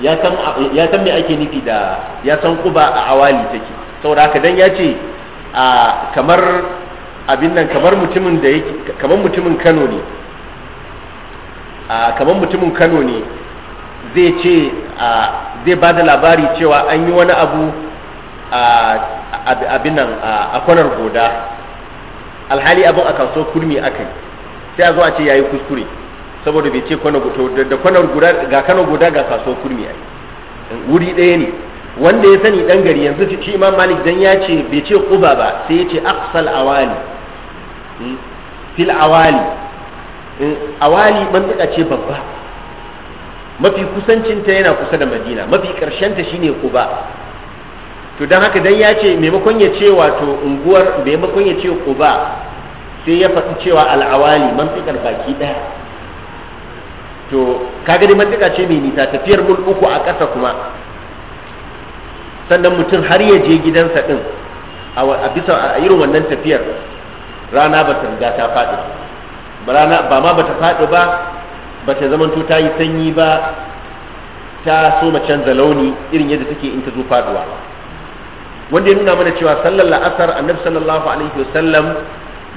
A: ya san ya san me ake nufi da ya san kuba a awali take saboda haka dan ya ce a kamar abin nan kamar mutumin da yake kamar mutumin Kano ne a kamar mutumin Kano ne zai ce a zai bada labari cewa an yi wani abu a abin nan a kwanar goda alhali abin a kaso kurmi aka yi sai a zo a ce yayi kuskure saboda bai ce kwana guda da kwana guda ga kwana guda ga kaso kurmi ai wuri ɗaya ne wanda ya sani dan gari yanzu ci imam malik dan ya ce bai ce quba ba sai ya ce aqsal awali hmm? fil awali hmm? awali bandaka ce babba mafi kusancinta yana kusa da madina mafi karshen ta shine quba to dan haka dan ya ce maimakon ya ce wato unguwar maimakon ya ce ba sai ya faɗi cewa al'awali mantikar baki ɗaya to kaga dai mantika ce mai nisa tafiyar mul uku a ƙasa kuma sannan mutum har ya je gidansa ɗin a bisa a irin wannan tafiyar rana ba ta riga ta faɗi ba ma ba ta faɗi ba ba ta zamanto ta yi sanyi ba ta so canza launi irin yadda take in ta zo faɗuwa wanda ya nuna mana cewa sallar la'asar annabi sallallahu alaihi wasallam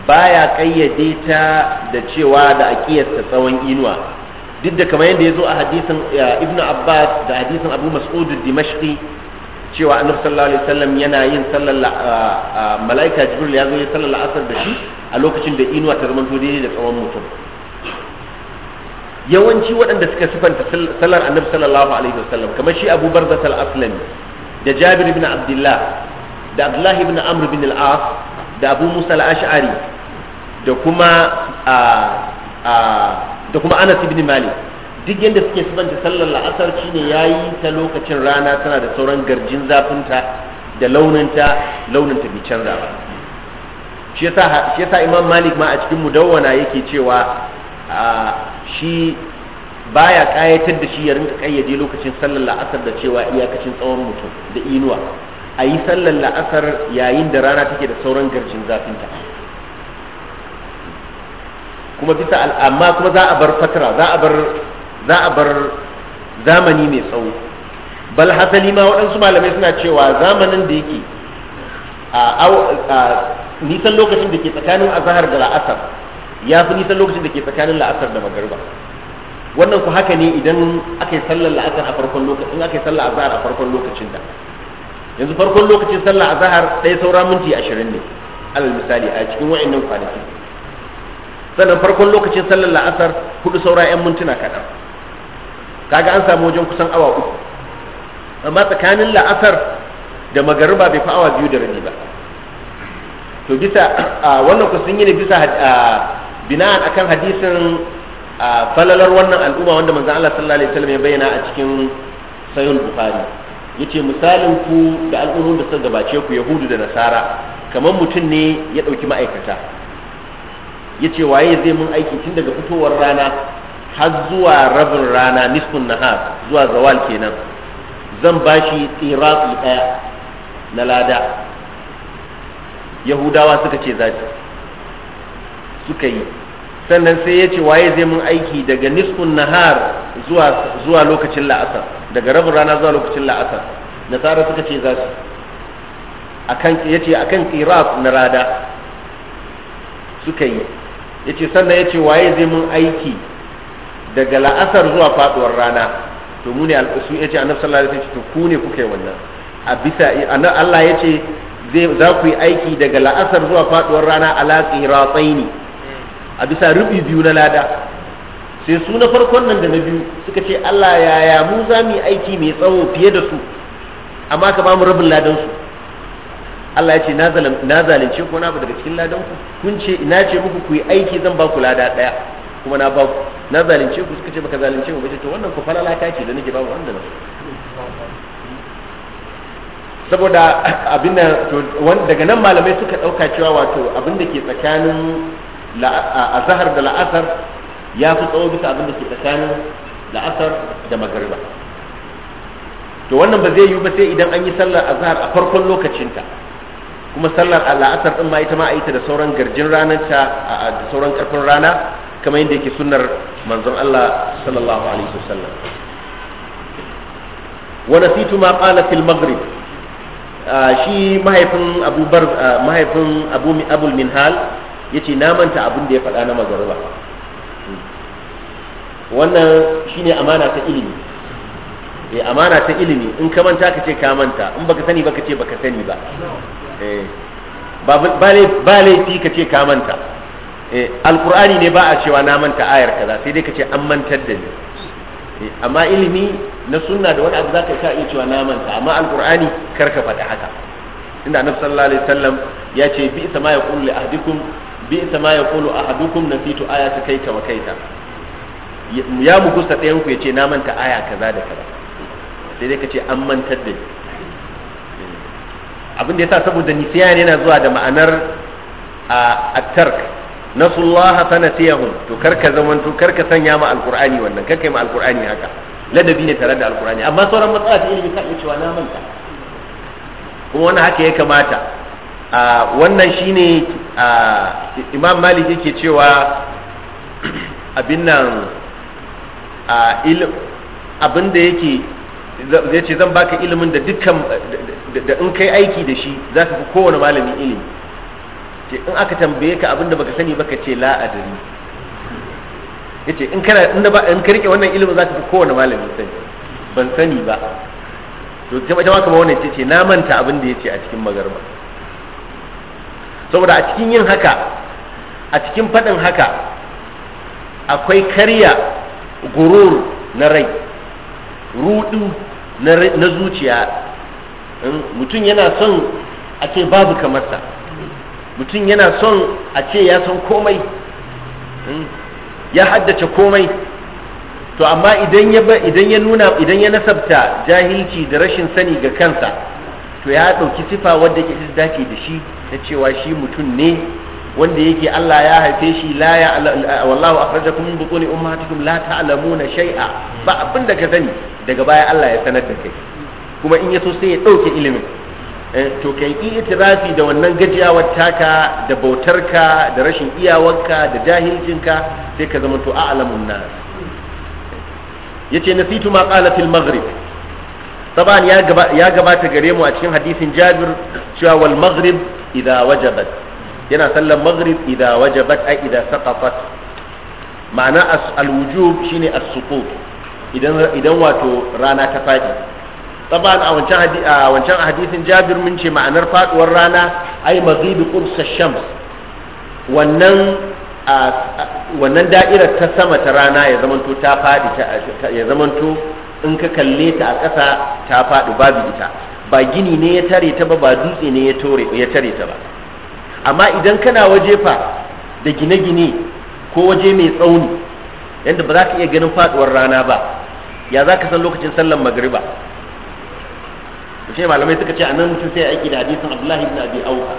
A: baya kayyade ta da cewa da aqiyarta tsawon inuwa duk da kamar yadda ya zo a hadisin ibnu abbas da hadisin abu mas'ud dimashqi cewa annabi sallallahu alaihi wasallam yana yin sallar malaika jibril ya zo ya sallar la'asar da shi a lokacin da inuwa ta zama daidai da tsawon mutum yawanci waɗanda suka sifanta sallar annabi sallallahu alaihi wasallam kamar shi abu barzat al-aslami da jabir ibn abdullah da abdullahi ibn amr ibn al-as da abu musa al-ash'ari da kuma da kuma anas ibn malik duk yadda suke sabanta sallar la'asar shine yayi ta lokacin rana tana da sauran garjin zafinta da launinta launinta bai canza ba shi yasa imam malik ma a cikin mudawwana yake cewa shi baya kayatar da shi ya rinka kayyade lokacin sallar la'asar da cewa iyakacin tsawon mutum da inuwa a yi sallar la'asar yayin da rana take da sauran garjin zafin ta. kuma bisa al'amma kuma za a bar fatara za a bar za a bar zamani mai tsawo bal hasali ma waɗansu malamai suna cewa zamanin da yake a nisan lokacin da ke tsakanin azahar da la'asar ya fi nisan lokacin da ke tsakanin la'asar da magariba wannan ku haka ne idan aka yi sallar la'asar a farkon lokacin aka yi sallar azahar a farkon lokacin da yanzu farkon lokacin sallar azahar ɗaya saura minti ashirin ne alal misali a cikin wa'annan kwanaki sannan farkon lokacin sallar la'asar hudu saura yan mintuna kaɗan kaga an samu wajen kusan awa uku amma tsakanin la'asar da magariba bai fi awa biyu da rabi ba to bisa wannan ku sun yi ne bisa bina'an akan hadisin a falalar wannan al'umma wanda manzon Allah sallallahu alaihi wasallam ya bayyana a cikin sahih bukhari yace misalin ku da al'ummar da suka gabace ku yahudu da nasara kamar mutum ne ya dauki ma'aikata yace waye zai mun aiki tun daga fitowar rana har zuwa rabin rana nisfun nahar zuwa zawal kenan zan bashi tsiratsi daya na lada yahudawa suka ce zaji suka yi sannan sai ya ce waye zai mun aiki daga nisfun nahar zuwa zuwa lokacin la'asar daga rabin rana zuwa lokacin la'asar nasara suka ce za su akan yace akan qiraat na rada suka yi yace sannan yace waye zai mun aiki daga la'asar zuwa faduwar rana to mu ne alƙasu yace annabi sallallahu alaihi wasallam ku ne kuka yi wannan a bisa Allah yace zai za ku yi aiki daga la'asar zuwa faduwar rana ala qirataini a bisa rubi biyu na lada sai su na farkon nan da na biyu suka ce Allah yaya mu za mu yi aiki mai tsawo fiye da su amma ka ba mu rabin ladan su Allah ya ce na zalunce ko na ba daga cikin ladan ku kun ce ina ce muku ku yi aiki zan ba ku lada daya kuma na ba ku na zalunce ku suka ce baka zalunce mu bace to wannan ku falala ta ce da nake ba wanda na saboda abin da daga nan malamai suka dauka cewa wato abin da ke tsakanin a zahar da la'asar ya fi tsawo bisa abin da ke tsakanin la'asar da magariba to wannan ba zai yiwu ba sai idan an yi sallar azhar a farkon lokacinta kuma sallar a la'asar din ma ita ma a yi ta da sauran garjin ranar ta da sauran karfin rana kamar yadda yake sunnar manzon Allah sallallahu alaihi wasallam wa nasitu ma qala fil maghrib shi mahaifin abubar mahaifin abu abul minhal yace na manta abin da ya faɗa na magariba wannan shine amana ta ilimi e amana ta ilimi in ka manta ka ce ka manta in baka sani baka ce baka sani ba eh, ba laifi ka ce ka manta eh, alkur'ani ne ba a cewa na manta ayar kaza sai dai ka ce an mantar da ni amma ilimi na sunna da wani abu za ka iya cewa na manta amma alkur'ani kar ka faɗi haka inda annabi sallallahu alaihi wasallam ya ce bi isa ma yaqulu li ahdikum bi isa ma yaqulu ahadukum nasitu ayata kaita wa kaita ya mu gusta ɗayan ku yace na manta aya kaza da kaza sai dai ka ce an mantar da abin da ya sa saboda nisyan yana zuwa da ma'anar a tark nasullaha fa nasiyahum to karka zaman to karka sanya ma alqur'ani wannan karka ma alqur'ani haka ladabi ne tare da alqur'ani amma sauran matsala ta ilimi ka iya cewa na manta kuma wannan haka ya kamata wannan shine imam malik yake cewa abin nan abin da yake zai ce zan baka ilimin da dukkan da in kai aiki da shi za ka fi kowane malamin ilimi ce in aka tambaye ka abin da baka sani baka ce la adari ce in in ka rike wannan ilimin za ka fi kowane malamin sani ban sani ba to jama'a kamar wannan ce na manta abin da ya ce a cikin magarba saboda a cikin yin haka a cikin faɗin haka akwai karya gurur na rai rudu na zuciya mutum yana son a ce babu kamarsa mutum yana son a ce ya san komai ya haddace komai to amma idan ya nuna idan ya nasabta jahilci da rashin sani ga kansa to ya ɗauki sifa wadda ke dace da shi na cewa shi mutum ne wanda yake Allah ya haife shi la ya wallahu akhrajakum min butuni ummahatikum la ta'lamuna shay'a ba abin da ka sani daga baya Allah ya sanar da kai kuma in ya so sai ya dauke ilimin eh, to kai itirafi da wannan gajiyawar taka da bautarka da rashin iyawarka da jahilcinka sai ka zama to a'lamun nas yace nasitu ma qala fil maghrib taban ya gabata gare mu a cikin hadisin jabir cewa wal maghrib idha wajabat yana sallar maghrib idha wajabat ay idha saqafat ma'ana al wujub shine as idan wato rana ta fadi taban a wancan hadisin jabir mun ce ma'anar faɗuwar rana ay maghrib qurs shams wannan wannan da'irar ta sama ta rana ya zamanto ta faɗi ya zamanto in ka kalle ta a ƙasa ta faɗi babu ita ba gini ne ya tare ta ba ba dutse ne ya tare ta ba amma idan kana waje fa da gine-gine ko waje mai tsauni yadda ba za ka iya ganin faɗuwar rana ba ya za ka san lokacin sallan magriba shi malamai suka ce a nan mutum sai aiki da hadisin abdullahi ibn abi auka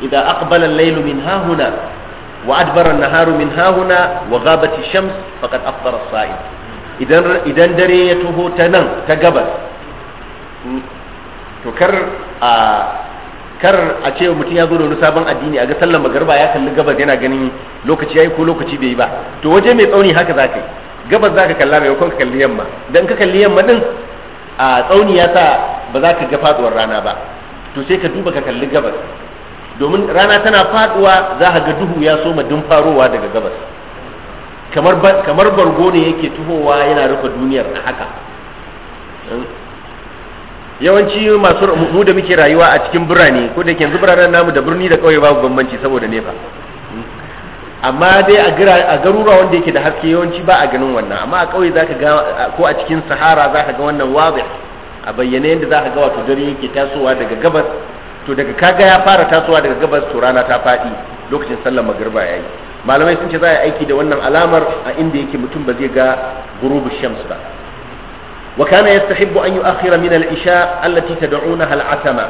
A: idan aqbala al-laylu min hahuna wa adbara an-naharu min hahuna wa ghabat ash-shams faqad afṭara as idan dare ya tuho ta nan ta gabas to kar a ce mutum ya zo da wani sabon addini a ga sallar magarba ya kalli gabas yana ganin lokaci yayi ko lokaci bai yi ba to waje mai tsauni haka za ka yi gabas za ka kalla maimakon ka kalli yamma dan ka kalli yamma din a tsauni ya sa ba za ka ga faduwar rana ba to sai ka duba ka kalli gabas domin rana tana faduwa za ka ga duhu ya soma dun farowa daga gabas kamar bargo ne yake tuhowa yana rufe duniyar a haka yawanci masu mu da muke rayuwa a cikin birane ko da yanzu biranen namu da birni da kauye babu bambanci saboda nefa amma dai a garura wanda yake da haske yawanci ba a ganin wannan amma a kauye zaka ga ko a cikin sahara zaka ga wannan wabi a bayyane yadda zaka ga wato dare yake tasowa daga gabas to daga kaga ya fara tasowa daga gabas to rana ta faɗi lokacin sallar magriba yayi malamai sun ce za a aiki da wannan alamar a inda yake mutum ba zai ga gurubu shams ba wa kana yastahibbu an yu'akhkhira min al-isha allati tad'unaha al-atama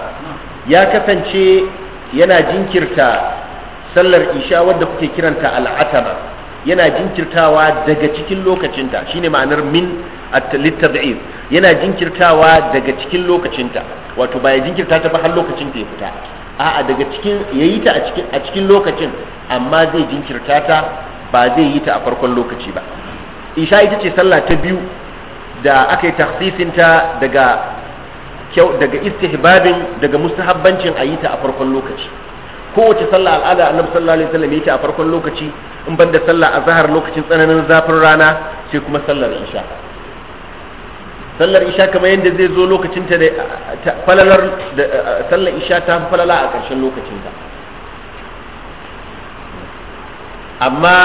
A: ya kasance yana jinkirta sallar isha wadda kuke kiranta al-atama yana jinkirtawa daga cikin lokacinta shine ma'anar min at-tad'ir yana jinkirtawa daga cikin lokacinta wato ba ya jinkirta ta ba har lokacin ta ya fita a'a daga cikin ya yi ta a cikin lokacin amma zai jinkirta ta ba zai yi ta a farkon lokaci ba isha ita ce sallah ta biyu da aka yi taksisinta daga kyau daga istihbabin daga mustahabbancin a yi ta a farkon lokaci kowace sallah al'ada annabi sallallahu alaihi wasallam yi ta a farkon lokaci in banda sallah zahar lokacin tsananin zafin rana sai kuma sallar isha sallar isha kamar yadda zai zo lokacin ta da falalar sallar isha ta falala a ƙarshen lokacin ta amma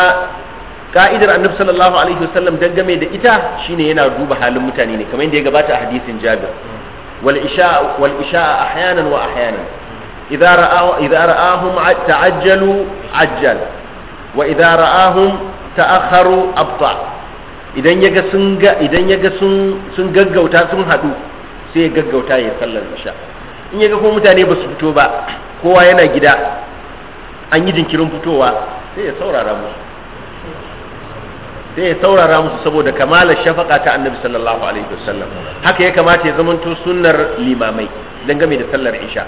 A: ka'idar annabi sallallahu alaihi wasallam dangame da ita shine yana duba halin mutane ne kamar yadda ya gabata a hadisin Jabir wal isha wal isha ahyanan wa ahyanan idza ra'ahu idza ra'ahum ta'ajjalu ajjal wa idza ra'ahum ta'akharu abta' idan ya ga sun ga idan ya ga sun sun gaggauta sun haɗu sai ya gaggauta ya sallar isha in ya ga ko mutane ba su fito ba kowa yana gida an yi jinkirin fitowa sai ya saurara musu sai ya saurara musu saboda kamalar shafaka ta annabi sallallahu alaihi wasallam haka ya kamata ya zamanto sunnar limamai dangane da sallar isha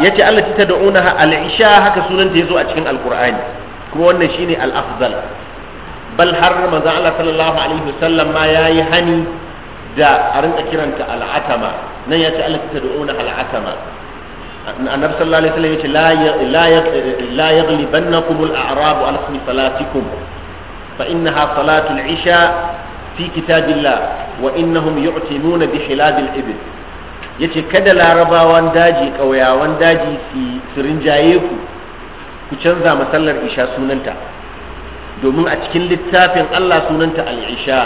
A: ya ce Allah ta da'una al-isha haka sunanta ya zo a cikin alkur'ani kuma wannan shine al-afdal bal har manzon Allah sallallahu alaihi wasallam ma yayi hani da a rinka kiranta al'atama nan ya ce Allah tad'una al'atama annabi sallallahu alaihi wasallam yace ce la ya la yaghlibannakum al-a'rab ala ismi salatikum fa innaha salatu al-isha fi kitabillah wa innahum yu'tinuna bi hilab al-ibil yace kada larabawan daji kauyawan daji su rinjaye ku ku canza masallar isha sunanta domin a cikin littafin Allah sunanta al-isha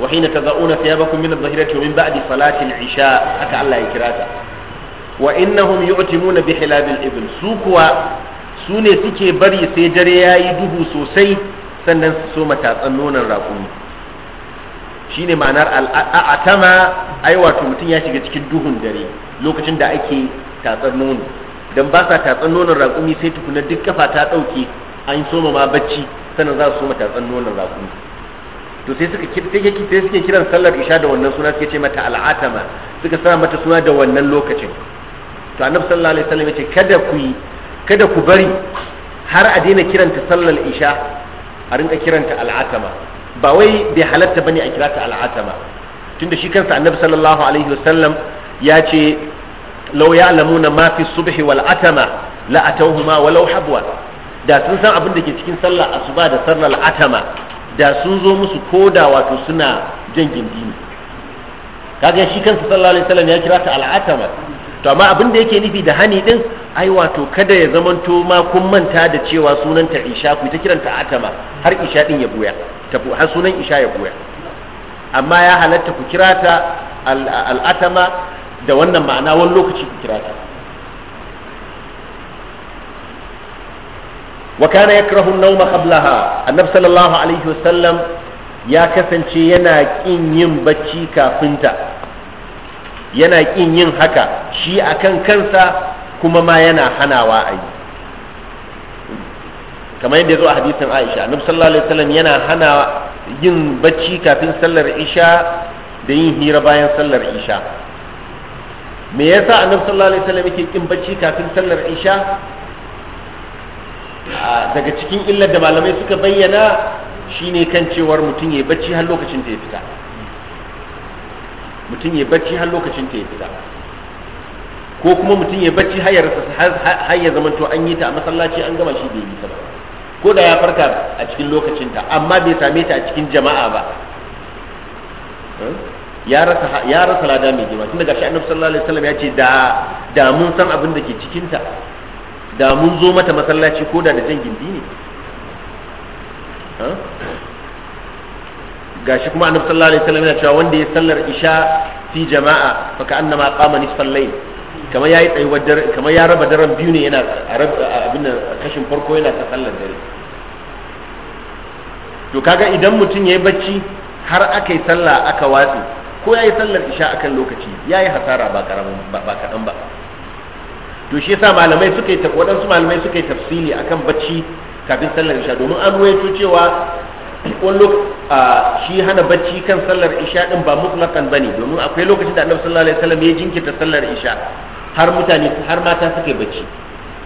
A: wa hina tad'una thiyabakum min adh-dhahirati wa min ba'di salati al-isha haka Allah ya kira ta wa innahum yu'timuna bi hilabil ibn su kuwa su ne suke bari sai dare yayi duhu sosai sannan su so matatsan nonon raƙumi shine ma'anar al'atama ai wato mutum ya shiga cikin duhun dare lokacin da ake tatsar nono dan ba sa tatsan nonon raƙumi sai tukuna duk kafa ta ɗauke an soma ma bacci sannan za su soma tatsan nonon raƙumi to sai suka sai suke kiran sallar isha da wannan suna suke ce mata al'atama suka sa mata suna da wannan lokacin to annabi sallallahu alaihi wasallam yace kada ku yi kada ku bari har a daina kiranta sallar isha a rinka kiranta al'atama ba wai bai halatta bane a kirata al'atama tunda shi kansa annabi sallallahu alaihi wasallam ya ce law ya'lamuna ma fi subhi wal atama la atawhuma walau habwa da sun san abin da ke cikin sallar asuba da sallar atama da sun zo musu koda wato suna jan gindi ne kaga shi kansa sallallahu alaihi wasallam ya kira ta al'atama to amma abin da yake nufi da hani din ai wato kada ya zamanto ma kun manta da cewa sunan ta isha ku ta kiranta atama har isha din ya buya ta har sunan isha ya buya amma ya halatta ku kira ta al'atama da wannan ma'ana wani lokaci ku kira ta wa kana yakrahu an-nawma qablaha annab sallallahu alaihi wasallam ya kasance yana kin yin bacci kafin ta yana kin yin haka shi akan kansa kuma ma yana hanawa a yi kamar yadda zo a hadisin Aisha annabi sallallahu alaihi wasallam yana hana yin bacci kafin sallar Isha da yin hira bayan sallar Isha me yasa annabi sallallahu alaihi wasallam yake kin bacci kafin sallar isha daga cikin illar da malamai suka bayyana shine kan cewar mutum ya bacci har lokacin da ya fita mutum ya bacci har lokacin da ya fita ko kuma mutum ya bacci har ya har ya zama to an yi ta a masallaci an gama shi bai yi ta ba ko da ya farka a cikin lokacinta amma bai same ta a cikin jama'a ba hmm? ya rasa ya rasa lada mai girma tun daga shi annabi sallallahu alaihi wasallam ya ce da da mun san abin da ke cikin ta da mun zo mata masallaci ko da da jan gindi ne gashi kuma annabi sallallahu alaihi wasallam yana cewa wanda ya sallar isha fi jama'a fa ka annama qama nisfal layl kamar yayi tsayuwar dare kamar ya raba daren biyu ne yana abin nan kashin farko yana ta sallar dare to kaga idan mutum yayi bacci har aka yi sallah aka watsi ko ya yi sallar isha a kan lokaci ya yi hasara ba kaɗan ba to shi yasa malamai suka yi waɗansu malamai suka yi tafsili a kan bacci kafin sallar isha domin an ruwaito cewa shi hana bacci kan sallar isha ɗin ba mutlakan ba ne domin akwai lokacin da annabi sallallahu alaihi wasallam ya jinkirta sallar isha har mutane har mata suka yi bacci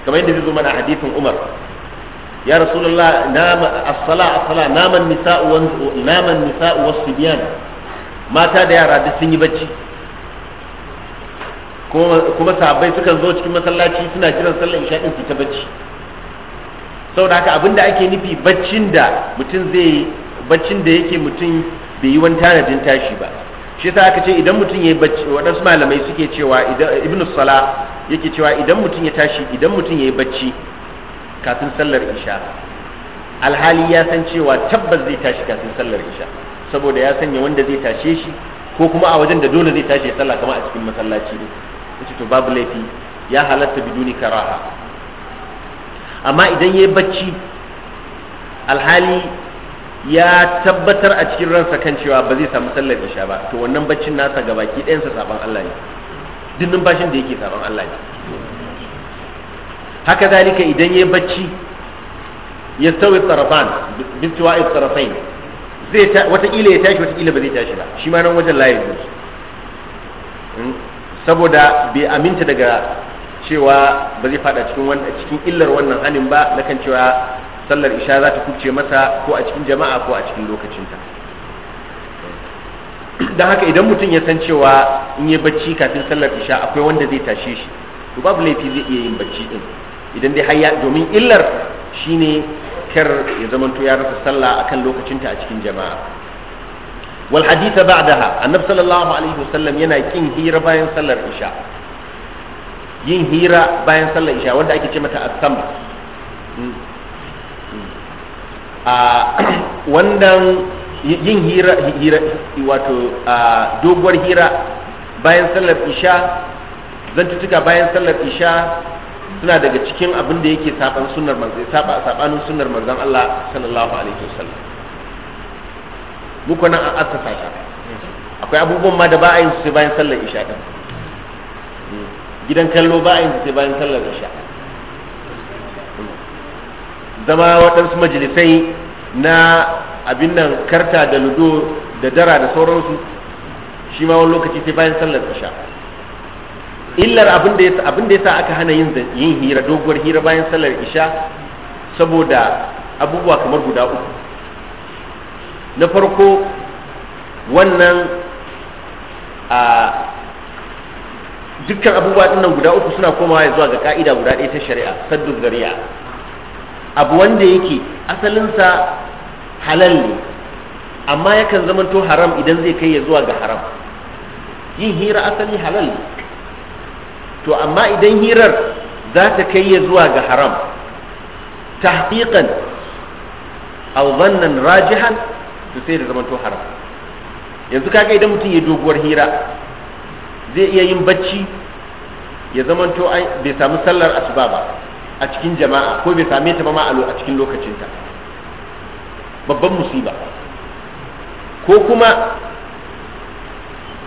A: kamar yadda zai zo mana hadisin umar يا رسول الله نام الصلاة الصلاة نام النساء نام النساء والصبيان mata da yara duk sun yi bacci kuma sahabbai sukan zo cikin masallaci suna kiran sallar isha din fita bacci saboda haka abinda ake nufi baccin da mutum zai baccin da yake mutum bai yi wani tanadin tashi ba shi yasa aka ce idan mutum ya yi bacci waɗansu malamai suke cewa ibn sala yake cewa idan mutum ya tashi idan mutum ya yi bacci kafin sallar isha alhali ya san cewa tabbas zai tashi kafin sallar isha saboda ya sanya wanda zai tashe shi ko kuma a wajen da dole zai tashe ya sallah kamar a cikin masallaci ne yace to babu laifi ya halatta biduni karaha amma idan yayi bacci alhali ya tabbatar a cikin ransa kan cewa ba zai samu sallar isha ba to wannan baccin nasa gabaki ɗayansa saban Allah ne duk numfashin da yake saban Allah ne haka zalika idan yayi bacci ya tsarafan tarafan bistawi tsarafai zai ta wataƙila ya tashi wataƙila ba zai tashi ba shi ma nan wajen layin ne hmm? saboda bai aminta daga cewa ba zai fada cikin wannan cikin illar wannan hanin ba na kan cewa sallar isha za ta kuce masa ko a cikin jama'a ko a cikin lokacinta hmm? don haka idan mutum ya san cewa in yi bacci kafin sallar isha akwai wanda zai tashe shi to babu laifi zai iya yin bacci din idan dai har domin illar shine kyar ya zamanto ya rasa sallah akan lokacinta a cikin jama'a wal haditha ba'daha annabi sallallahu alaihi wasallam yana kin hira bayan sallar isha yin hira bayan sallar isha wanda ake ce mata asam hmm. hmm. a ah, wannan yin hira hira wato ah, doguwar hira bayan sallar isha zantuttuka bayan sallar isha suna daga cikin abin da yake saban sunnar manzo saba sabanin sunnar manzon Allah sallallahu alaihi wasallam muku nan an asasa ta akwai abubuwan ma da ba a yin su sai bayan sallar isha din gidan kallo ba a yin su sai bayan sallar isha zama waɗansu majalisai na abin nan karta da ludo da dara da sauransu shi ma wani lokaci sai bayan sallar isha illar abin da yasa abin aka hana yin yin hira doguwar hira bayan sallar isha saboda abubuwa kamar guda uku na farko wannan a dukkan abubuwa dinnan guda uku suna komawa zuwa ga ka'ida guda ɗaya ta shari'a saddu zari'a abu wanda yake asalinsa halal ne amma yakan zamanto haram idan zai kai ya zuwa ga haram yin hira asali halal ne to amma idan hirar za ta kai ya zuwa ga haram tahqiqan aw dhannan rajihan to sai da to haram yanzu kaga idan mutum ya doguwar hira zai iya yin bacci ya zamanto bai samu sallar asuba ba a cikin jama'a ko bai same ta ba ma a cikin lokacinta babban musiba ko kuma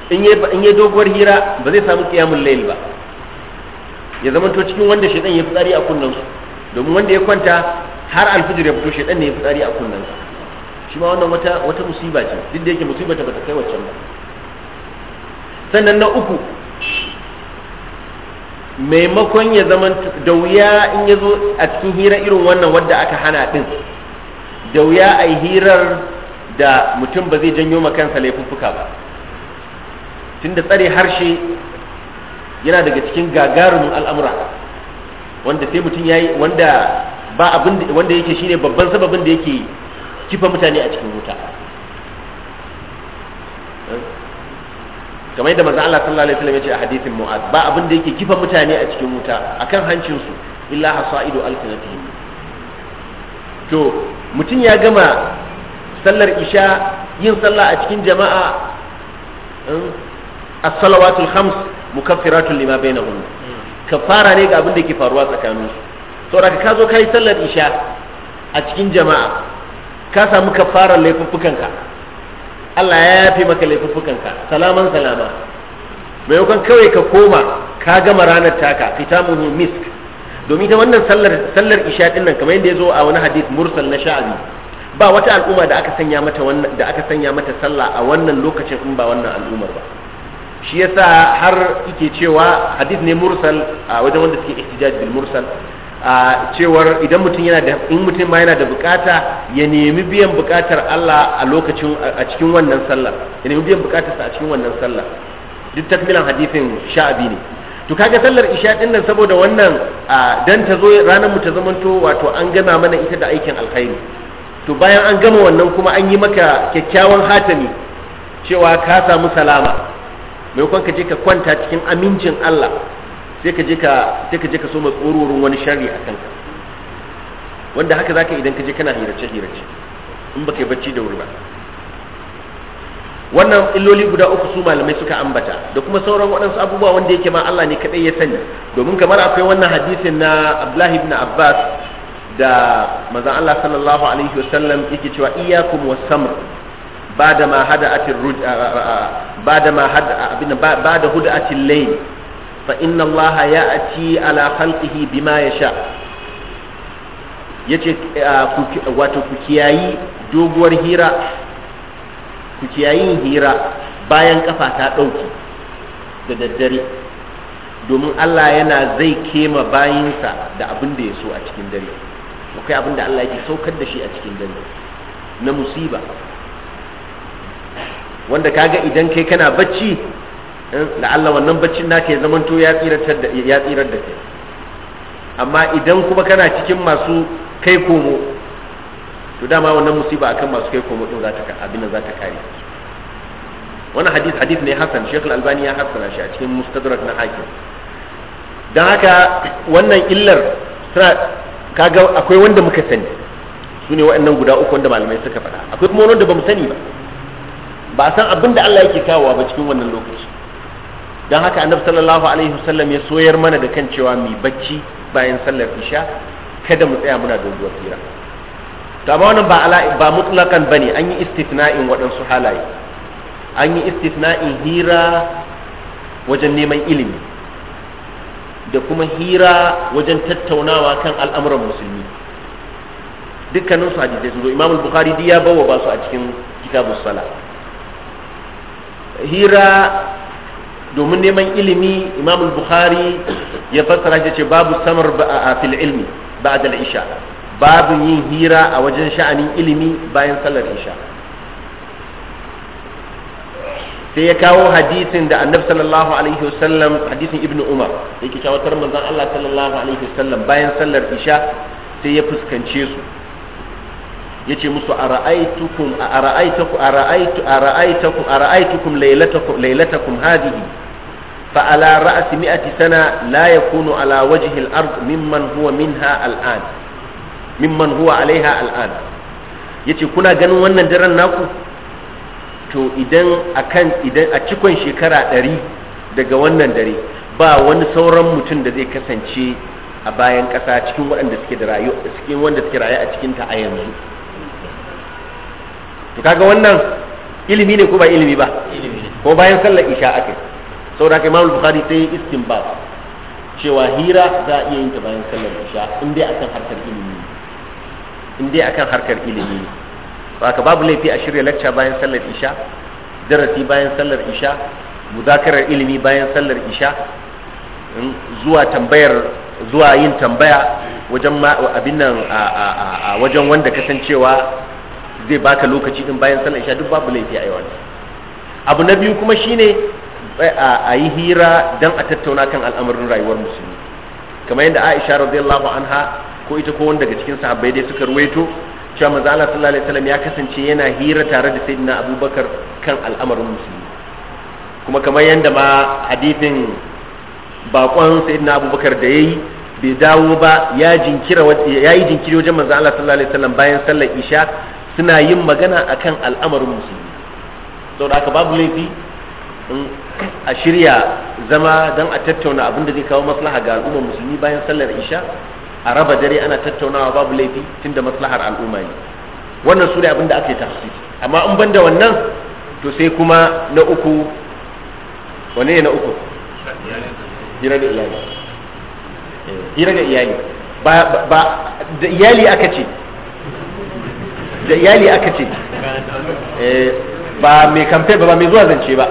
A: in yi doguwar hira ba zai samu kiyamun lail ba ya zama to cikin wanda shaidan ya fitsari a kunnan su domin wanda ya kwanta har alfijir ya fito shaidan ne ya fitsari a kunnan su shi ma wannan wata wata musiba ce duk da yake musiba ta bata kai wancan ba sannan na uku maimakon ya zama da wuya in ya zo a cikin hira irin wannan wadda aka hana din da wuya a yi hirar da mutum ba zai janyo ma kansa laifuffuka ba tunda tsare harshe yana daga cikin gagarumin al'amura wanda sai mutum ya yi wanda ba abin wanda yake shine babban sababin da yake kifa mutane a cikin wuta kamar yadda manzo Allah sallallahu alaihi wasallam ya ce a hadisin mu'ad ba abin da yake kifa mutane a cikin wuta akan hancin su illa hasaidu alfinatihim to mutum ya gama sallar isha yin sallah a cikin jama'a hmm, as-salawatul khams mukaffiratun lima bainahum kafara ne ga abin da ke faruwa tsakanin su saboda ka zo kai sallar isha a cikin jama'a ka samu kafarar laifuffukanka Allah ya yafe maka laifuffukanka salaman salama maimakon kawai ka koma ka gama ranar taka fitamuhu misk domin ta wannan sallar sallar isha din nan kamar yadda ya zo a wani hadith mursal na sha'abi ba wata al'umma da aka sanya mata wannan da aka sanya mata sallah a wannan lokacin in ba wannan al'ummar ba shi yasa har yake cewa hadith ne mursal a wajen wanda suke ihtijaj bil mursal a cewar idan mutum yana da in mutum ma yana da bukata ya nemi biyan bukatar Allah a lokacin a cikin wannan sallar ya nemi biyan sa a cikin wannan sallar duk takmilan hadithin sha'abi ne to kaga sallar isha din nan saboda wannan dan ta zo ranar mu ta zamanto wato an gama mana ita da aikin alkhairi to bayan an gama wannan kuma an yi maka kyakkyawan hatami cewa ka samu salama maimakon ka je ka kwanta cikin amincin Allah sai ka je ka sai ka je ka so tsororin wani sharri a kanka wanda haka zaka idan ka je kana hirace hirace in baka yi bacci da wuri ba wannan illoli guda uku su malamai suka ambata da kuma sauran waɗansu abubuwa wanda yake ma Allah ne kaɗai ya sani domin kamar akwai wannan hadisin na Abdullahi ibn Abbas da manzon Allah sallallahu alaihi wasallam yake cewa iyyakum was-samr بعد ما هدأت الرج بعد ما هد بعد هدأت الليل فإن الله يأتي على خلقه بما يشاء yace wato ku kiyayi doguwar hira ku kiyayi hira bayan kafa ta ɗauki da daddare domin Allah yana zai kema bayinsa da abin da ya so a cikin dare akwai abin da Allah yake saukar da shi a cikin dare na musiba wanda kaga idan kai kana bacci da eh, Allah wannan baccin naka ya zamanto ya tsirar da ya tsirar da kai amma idan kuma kana cikin masu kai komo to dama wannan musiba akan masu kai komo din za ta abin da za ta kare wannan hadith hadith ne hasan Sheikh Al-Albani ya hasana shi a cikin Mustadrak na Hakim dan haka wannan illar kaga akwai wanda muka sani su ne waɗannan guda uku wanda malamai suka faɗa akwai kuma wanda ba mu sani ba ba san abin da Allah yake kawowa ba cikin wannan lokaci don haka annabi sallallahu alaihi wasallam ya soyar mana da kan cewa mu bacci bayan sallar isha kada mu tsaya muna doguwar hira to amma wannan ba ala ba mutlaqan bane an yi istithna'in waɗansu halaye an yi istithna'in hira wajen neman ilimi da kuma hira wajen tattaunawa kan al'amuran musulmi dukkanin su hadisai sun zo imamul bukhari ya bawa ba su a cikin kitabus Sala. hira domin neman ilimi imam bukhari ya fassara shi ce babu samar a fil ilmi ba'd al isha babu yin hira a wajen sha'anin ilimi bayan sallar isha sai ya kawo hadisin da annab sallallahu alaihi wasallam hadisin ibnu umar da yake cewa manzon Allah sallallahu alaihi wasallam bayan sallar isha sai ya fuskance su yace musu ara'aytukum ara'aytakum ara'aytu ara'aytakum ara'aytukum laylatakum laylatakum hadhihi fa ala ra'si mi'ati sana la yakunu ala wajhi al-ard mimman huwa minha al-an mimman huwa 'alayha al-an yace kuna ganin wannan daren naku to idan akan idan a cikon shekara 100 daga wannan dare ba wani sauran mutum da zai kasance a bayan ƙasa cikin waɗanda suke da rayu cikin wanda suke rayu a cikin ta a yanzu to kaga wannan ilimi ne ko ba ilimi ba ko bayan sallar isha ake saboda kai mamul bukhari sai istinbat cewa hira za a iya yin ta bayan sallar isha in dai akan harkar ilimi in dai akan harkar ilimi haka babu laifi a shirya lacca bayan sallar isha darasi bayan sallar isha muzakarar ilimi bayan sallar isha hmm, zuwa tambayar zuwa yin tambaya wajen abin nan a wajen wanda kasancewa zai baka lokaci din bayan sallar isha duk babu laifi a yi abu na biyu kuma shine eh, a yi hira dan a tattauna kan al'amarin rayuwar musulmi kamar yadda Aisha radiyallahu anha ko ita ko wanda daga cikin sahabbai dai suka ruwaito cewa manzo Allah sallallahu alaihi wasallam ya kasance yana hira tare da sayyidina Abubakar kan al'amarin musulmi kuma kamar yadda ma hadithin bakon sayyidina Abubakar da yayi bai dawo ba ya jinkira ya yi jinkiri wajen manzo Allah sallallahu alaihi wasallam bayan sallar isha suna yin magana akan al'amarin musulmi da aka babu laifi a shirya zama don a tattauna abin da zai kawo maslaha ga al'ummar musulmi bayan sallar isha a raba dare ana tattaunawa babu laifi tun da maslahar al'umma ne wannan su ne abin da ake tafsir amma in ban da wannan to sai kuma na uku wane ne na uku hira da iyali eh, hira da iyali ba da iyali aka ce da iyali aka ce eh, ba mai kamfe ba ba mai zuwa zance ba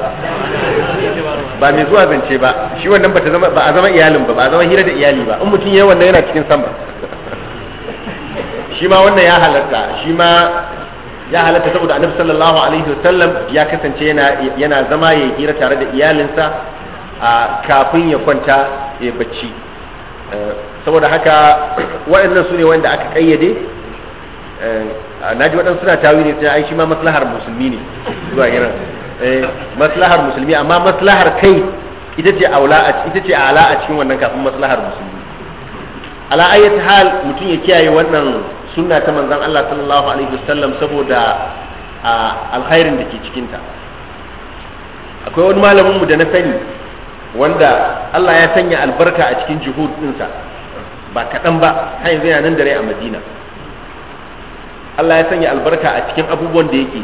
A: ba mai zuwa zance ba shi wannan ba a zama iyalin ba ba a zama hira da iyali ba in mutum yayi wannan yana cikin sama shi ma wannan ya halatta shi ma ya halatta saboda annabi sallallahu alaihi wasallam ya kasance yana yana zama ya hira tare da iyalinsa a kafin ya kwanta ya bacci eh, saboda haka waɗannan su ne wanda aka kayyade Eh, na ji waɗansu suna tawili ta ai shi ma maslahar musulmi ne zuwa irin eh, maslahar musulmi amma maslahar kai ita ce aula ita ce ala a cikin wannan kafin maslahar musulmi ala ayyati hal mutum ya kiyaye wannan sunna ta manzon Allah sallallahu alaihi wasallam saboda alkhairin da ke cikin ta akwai wani malamin mu da na sani wanda Allah ya sanya albarka a cikin juhud ɗinsa ba kaɗan ba har yanzu yana nan da rai a Madina Allah ya sanya albarka a cikin abubuwan da yake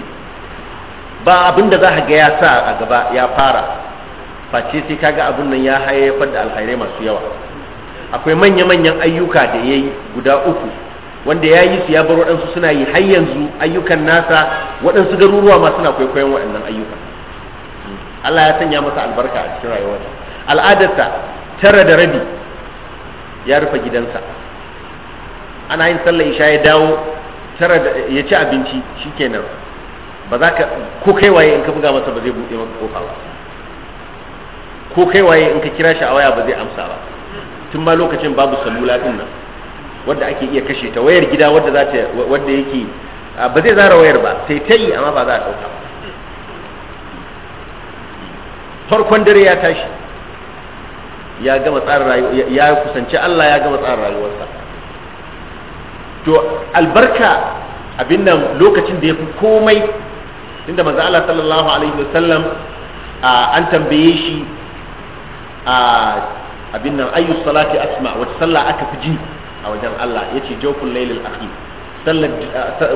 A: ba abin da za ka ga ya sa a gaba ya fara face sai ka ga abin nan ya haifar da alhairai masu yawa akwai manya-manyan ayyuka da ya yi guda uku wanda ya yi su ya bar waɗansu suna yi har yanzu ayyukan nasa waɗansu garuruwa ma suna kwaikwayon waɗannan ayyuka Allah ya sanya masa albarka a cikin rayuwarsa al'adarsa tara da rabi ya rufe gidansa ana yin sallar isha ya dawo tara da ya ci abinci shikenan ba za ka ko kai waye in ka buga masa ba zai buɗe maka kofa ba ko kai waye in ka kira shi a waya ba zai amsa ba tun ma lokacin babu salula din nan wadda ake iya kashe ta wayar gida wadda za ta wanda yake ba zai zara wayar ba sai ta yi amma ba za a ɗauka ba farkon dare ya tashi ya gama tsarin ya kusanci Allah ya gama tsarin rayuwarsa to albarka abin nan lokacin da ya fi komai inda manzo Allah sallallahu alaihi wasallam an tambaye shi a abin nan ayyus salati asma wata sallah aka fi ji a wajen Allah yace jawful lailil akhir sallar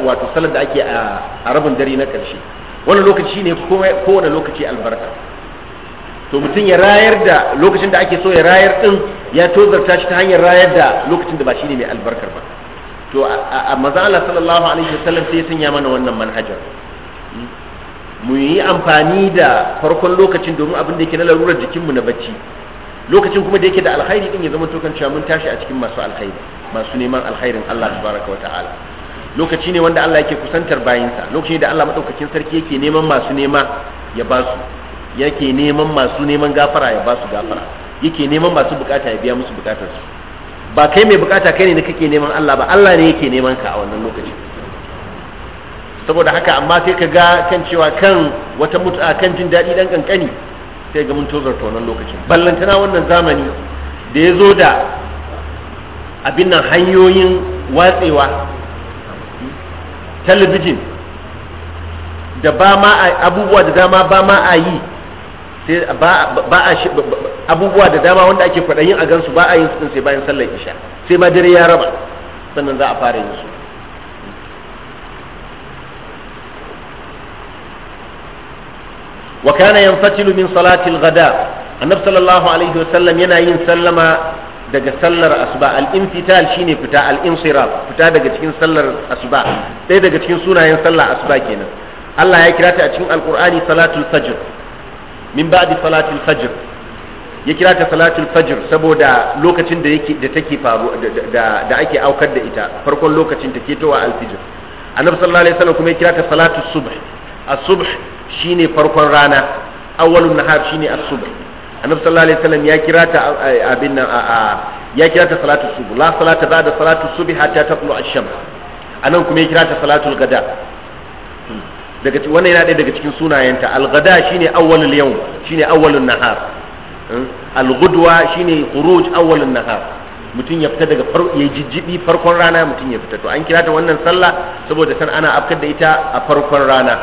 A: wato sallar da ake a rabin dare na karshe wannan lokaci ne kowane lokaci albarka to mutum ya rayar da lokacin da ake so ya rayar din ya tozarta shi ta hanyar rayar da lokacin da ba shine mai albarkar ba to a maza Allah sallallahu alaihi wasallam sai ya sanya mana wannan manhajar mu yi amfani da farkon lokacin domin abin da yake na larurar jikinmu na bacci lokacin kuma da yake da alkhairi din ya zama to cewa mun tashi a cikin masu alkhairi masu neman alkhairin Allah tabaraka wa ta'ala lokaci ne wanda Allah yake kusantar bayinsa lokaci ne da Allah madaukakin sarki yake neman masu nema ya ba su yake neman masu neman gafara ya ba su gafara yake neman masu bukata ya biya musu bukatarsu ba kai mai bukata kai ne na kake neman Allah ba Allah ne yake neman ka a wannan lokaci saboda haka amma sai ka ga kan cewa kan wata mutu'a kan jin daɗi dan ƙanƙani sai ga mun tozarta wannan lokacin ballantana wannan zamani da ya zo da abin nan hanyoyin watsewa talabijin da ba ma abubuwa da dama ba ma a yi sai ba a abubuwa da dama wanda ake faɗa yin a gansu ba a yin su sai bayan sallar isha sai ma dare ya raba sannan za a fara yin su wa kana yanfatilu min salati al-ghada annabi sallallahu alaihi wasallam yana yin sallama daga sallar asuba al-infital shine fita al-insiraf fita daga cikin sallar asuba sai daga cikin sunayen sallar asuba kenan Allah ya kira ta a cikin alkur'ani salatul fajr min ba'di salatul fajr ya kira ta salatul fajr saboda lokacin da yake da take faru da ake aukar da ita farkon lokacin ta ketowa alfijir annabi sallallahu alaihi wasallam kuma ya kira ta salatul subh as-subh shine farkon rana awwalun nahar shine as-subh annabi sallallahu alaihi wasallam ya kira ta abin nan ya kira ta salatul subh la salata ba'da salatul subh hatta tatlu ash-shams anan kuma ya kira ta salatul gada daga wannan yana daya daga cikin sunayenta al-gada shine awwalul yawm shine awwalun nahar al-ghudwa shine khuruj awwal an-nahar mutum ya fita daga farko ya jijjibi farkon rana mutum ya fita to an kira ta wannan sallah saboda san ana afkar da ita a farkon rana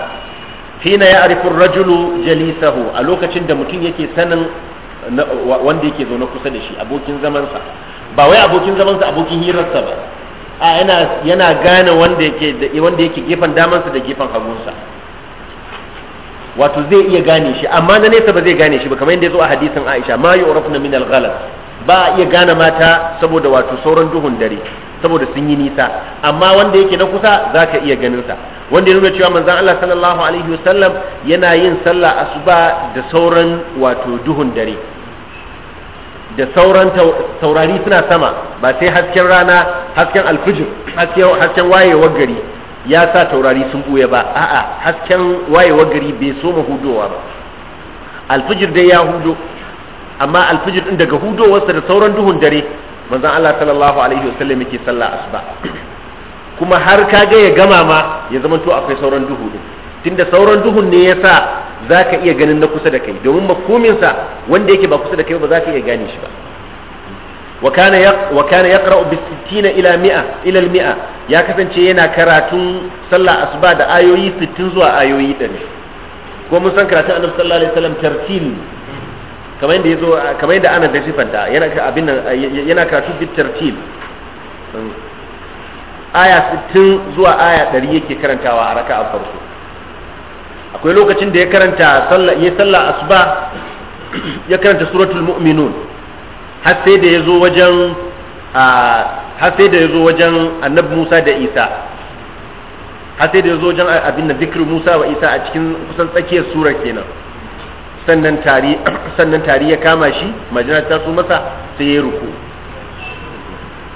A: fina ya arifu rajulu jalisahu a lokacin da mutum yake sanin wanda yake zaune kusa da shi abokin zamansa ba wai abokin zamansa abokin hirarsa ba a yana yana gane wanda yake wanda yake gefen damansa da gefen hagunsa wato zai iya gane shi amma na nesa ba zai gane shi ba kamar yadda ya zo a hadisin Aisha ma yu'rafna min al-ghalat ba iya gane mata saboda wato sauran duhun dare saboda sun yi nisa amma wanda yake na kusa zaka iya ganin sa wanda ya nuna cewa manzon Allah sallallahu alaihi wasallam yana yin sallah asuba da sauran wato duhun dare da sauran taurari suna sama ba sai hasken rana hasken alfijir hasken wayewar gari ya sa taurari sun buya ba a'a hasken wayewar gari bai so hudowa ba alfijir dai ya hudo amma alfijir din daga hudowarsa da sauran duhun dare manzon Allah sallallahu alaihi wasallam yake sallah asuba kuma har ka ga ya gama ma ya zama to akwai sauran duhu din tunda sauran duhun ne yasa zaka iya ganin na kusa da kai domin makomin sa wanda yake ba kusa da kai ba zaka iya gane shi ba wa kana wa kana yaqra'u ya kasance yana karatun sallah asuba da ayoyi 60 zuwa ayoyi 100 ko mun san karatun annabi sallallahu alaihi wasallam tartil yadda yazo kamar yadda ana da sifanta yana abin nan yana aya 60 zuwa aya 100 yake karantawa a farko akwai lokacin da ya karanta sallah ya karanta suratul mu'minun har sai da ya zo wajen har sai da ya zo wajen annabi Musa da Isa har sai da ya zo wajen abin da zikirin Musa wa Isa a cikin kusan tsakiyar sura kenan sannan tari sannan tari ya kama shi majina ta su masa sai ya ruku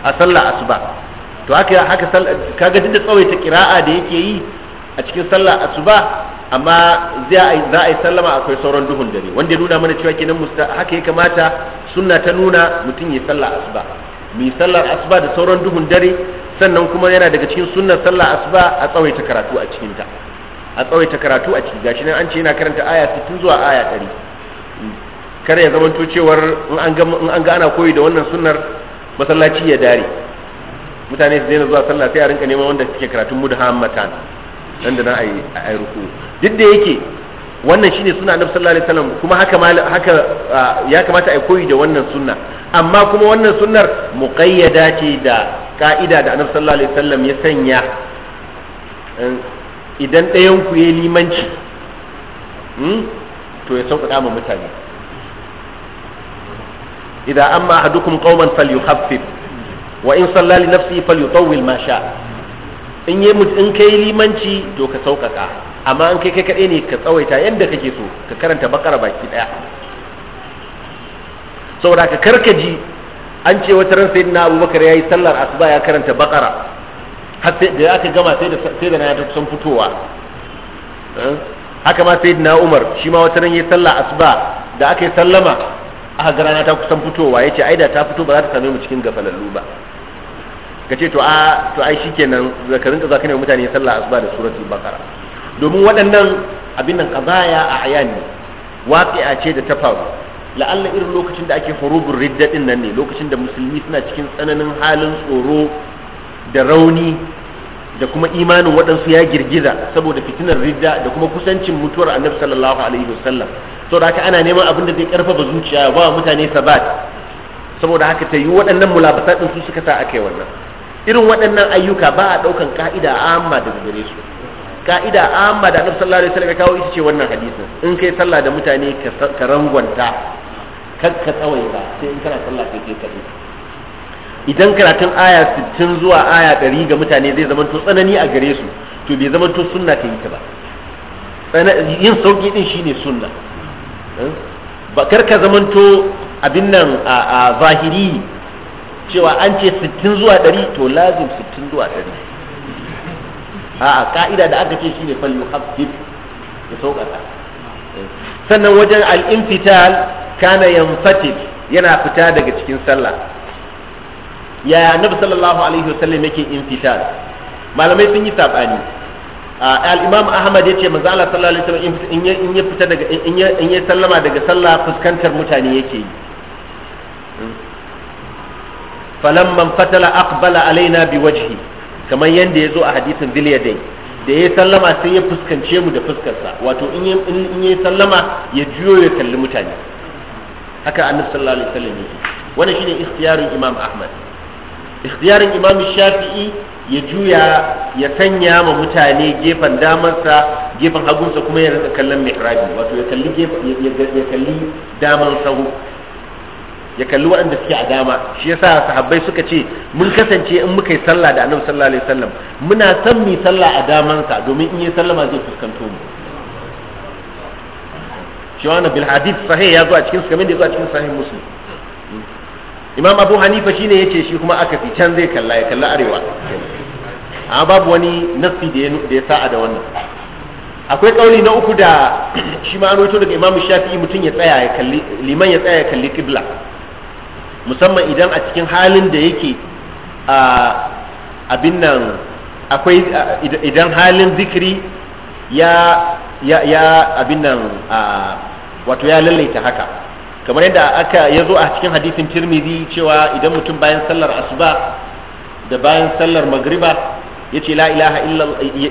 A: a sallah asuba to haka haka kaga duk da tsawaita kira'a da yake yi a cikin sallah asuba amma za a yi sallama akwai sauran duhun dare wanda ya nuna mana cewa kenan haka ya kamata sunna ta nuna mutum ya sallah asuba mu sallar asuba da sauran duhun dare sannan kuma yana daga cikin sunnar sallah asuba a tsawaita karatu a cikin ta a tsawaita karatu a ciki gashi nan an ce yana karanta aya 60 zuwa aya 100 kar ya zamanto cewar in an ga in an ga ana koyi da wannan sunnar masallaci ya dare mutane su daina zuwa sallah sai a rinka neman wanda suke karatun mudhammatan nan da na a yi ruku duk da yake wannan shine suna annabi sallallahu alaihi wasallam kuma haka haka ya kamata a koyi da wannan sunna amma kuma wannan sunnar muqayyada ce da ka'ida da annabi sallallahu alaihi wasallam ya sanya eh, idan ɗayan ku yayi limanci hmm, to ya sauƙaƙa ma mutane idan amma ahadukum qauman falyukhaffif wa in salla li nafsihi falyutawwil ma sha in yi in kai limanci to ka sauƙaƙa amma in kai kai kaɗai ne ka tsawaita yadda kake so ka karanta bakara baki ɗaya saboda ka karkaji an ce wata ran na abubakar ya yi sallar asuba ya karanta bakara har sai da aka gama sai da sai da na ta kusan fitowa eh? haka ma na umar shi ma wata ran ya yi sallar asuba da aka yi sallama aka gara na ta kusan fitowa ce ai da ta fito ba za ta same mu cikin gafalallu ba ka ce to a to ai shikenan ka rinka zaka ne mutane sallah asuba da suratul baqara domin waɗannan abin nan qadaya a ayan ne waqi'a ce da ta faru la'alla irin lokacin da ake hurubur ridda din nan ne lokacin da musulmi suna cikin tsananin halin tsoro da rauni da kuma imanin waɗansu ya girgiza saboda fitinar ridda da kuma kusancin mutuwar annabi sallallahu alaihi wasallam to da haka ana neman abin da zai karfafa zuciya ba mutane sabat saboda haka ta yi waɗannan mulabasa ɗin su suka sa aka wannan irin waɗannan ayyuka ba a ɗaukan ka'ida amma daga gare su ka'ida amma da annabi sallallahu alaihi wasallam ya kawo ita ce wannan hadisin in kai sallah da mutane ka rangwanta kar ka tsawai ba sai in kana sallah kai kai kaɗai idan karatun aya 60 zuwa aya 100 ga mutane zai zama to tsanani a gare su to bai zama to sunna ta yi ta ba yin sauki din shine sunna eh? ba kar ka zamanto abin nan a zahiri cewa an ce 60 zuwa 100 to lazim 60 zuwa 100 a'a ka'ida da aka ce shine fal yuhaffif ya ta. sannan wajen al-infital kana yanfatid yana fita daga cikin sallah ya nabi sallallahu alaihi wasallam yake infital malamai sun yi sabani al-imam ahmad ya ce manzo Allah sallallahu alaihi wasallam in ya fita daga in ya sallama daga sallah fuskantar mutane yake yi falamman fatala aqbala alaina bi biwajhi kamar yadda ya zo a hadisin bilyadai da ya sallama sai ya fuskance mu da fuskarsa wato in ya sallama ya juyo ya kalli mutane haka annabi sallallahu alaihi wasallam yake wannan shine ikhtiyarin imam ahmad ikhtiyarin imam shafi'i ya juya ya sanya ma mutane gefen damansa gefen hagunsa kuma ya rika kallon mihrabi wato ya kalli ya kalli daman sahu ya kalli waɗanda suke a dama shi yasa sahabbai suka ce mun kasance in muka yi sallah da annabi sallallahu alaihi wasallam muna san mu sallah a damansa domin in yi sallama zai fuskanto mu shi wannan bil hadith sahih ya zo a cikin sahih da ya zo a cikin sahih muslim imam abu hanifa shine yace shi kuma aka fi can zai kalla ya kalla arewa amma babu wani nafi da ya sa'a da wannan akwai kauli na uku da shi ma an daga imam shafi'i mutum ya tsaya ya kalli liman ya tsaya ya kalli qibla musamman idan a cikin halin da yake abin nan akwai idan halin zikiri ya ya abin nan wato ya lallaita haka kamar yadda aka ya zo a cikin hadisin tirmidhi cewa idan mutum bayan sallar asuba da bayan sallar magriba yace la ilaha illa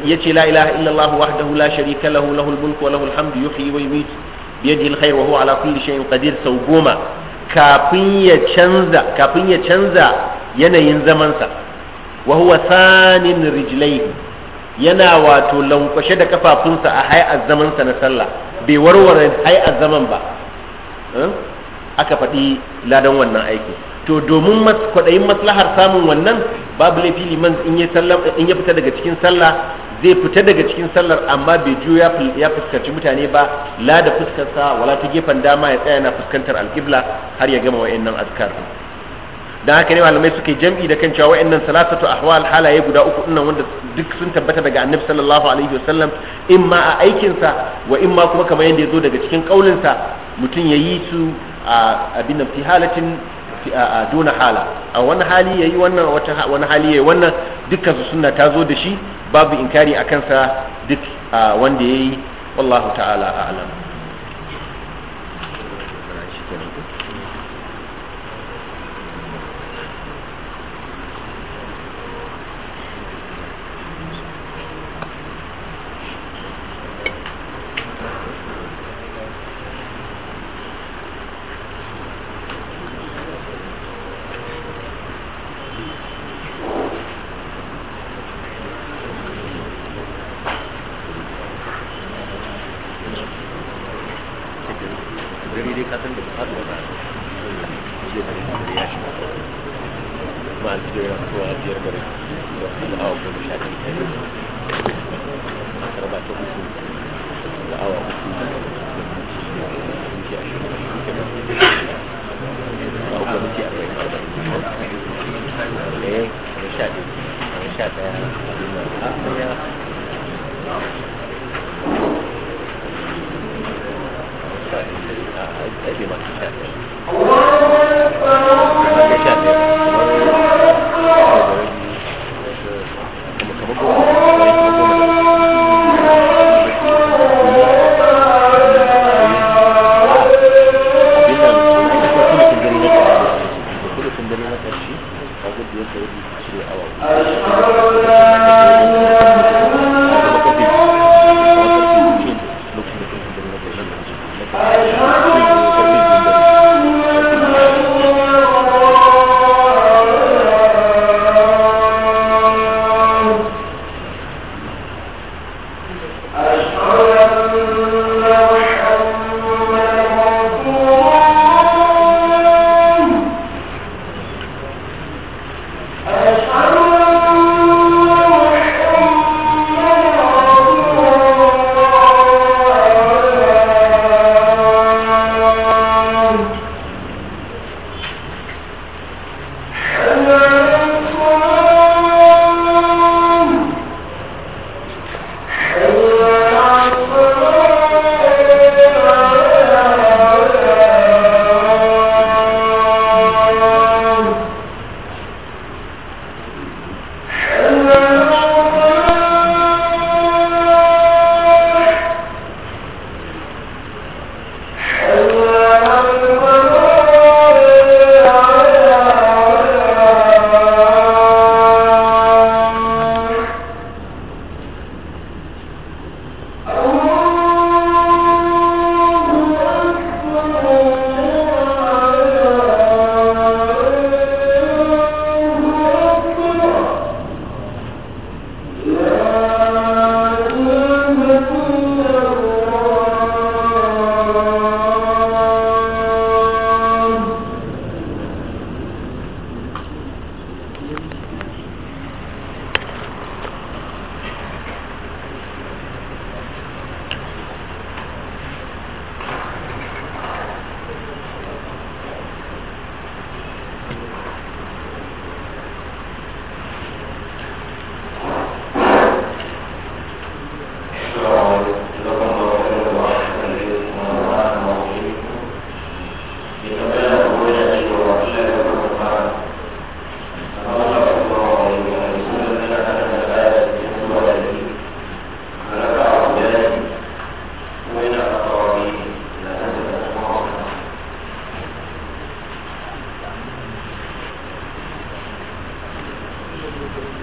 A: yace la ilaha illa Allah wahdahu la sharika lahu lahul mulku wa lahul hamdu yuhyi wa yumiitu bi yadihi wa huwa ala kulli shay'in qadir sau goma kafin ya canza yanayin zamansa wa huwa sanin rijilai yana wato lankwashe da kafafunsa a hay'ar zamansa na sallah bai warware hay'ar zaman ba hmm? aka faɗi ladan wannan aiki to domin kwaɗayin maslahar samun wannan babu laifi liman in ya fita daga cikin sallah zai fita daga cikin sallar amma bai juyo ya fuskanci mutane ba la da fuskarsa wala ta gefen dama ya tsaya na fuskantar alƙibla har ya gama nan azkar da haka ne malamai suke jam'i da kan cewa wa'annan salatatu ahwal halaye guda uku dinnan wanda duk sun tabbata daga annabi sallallahu alaihi wasallam imma a aikin sa wa imma kuma kamar yadda yazo daga cikin kaulin sa mutun yayi su a abin fi halatin duna hala a wani hali yayi wannan wata wani hali yayi wannan dukkan su sunna ta zo da shi babu inkari akan sa duk wanda yayi wallahu ta'ala a'lam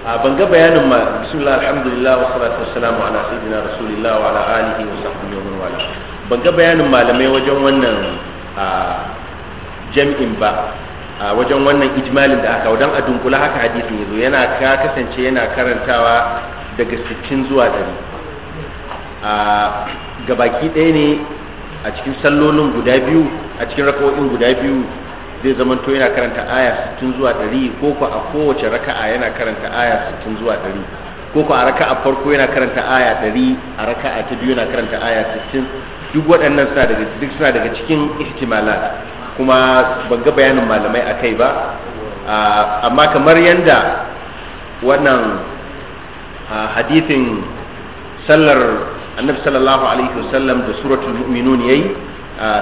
A: ban ga bayanin ma bismillah alhamdulillah wa salatu wassalamu ala sayyidina rasulillah wa ala alihi wa sahbihi wa man ban ga bayanin malamai wajen wannan jam'in ba a wajen wannan ijmalin da aka wadan a dunkula haka hadisin yazo yana ka kasance yana karantawa daga 60 zuwa 100 a gabaki ɗaya ne a cikin sallolin guda biyu a cikin rakawoyin guda biyu zai zama to yana karanta aya 60 zuwa 100 ko ko a kowace raka'a yana karanta aya 60 zuwa 100 ko ko a raka'a farko yana karanta aya 100 a raka'a ta biyu yana karanta aya 60 duk waɗannan suna daga duk suna daga cikin ihtimalat kuma ban ga bayanin malamai akai ba amma kamar yanda wannan hadithin sallar annabi sallallahu alaihi wasallam da suratul mu'minun yayi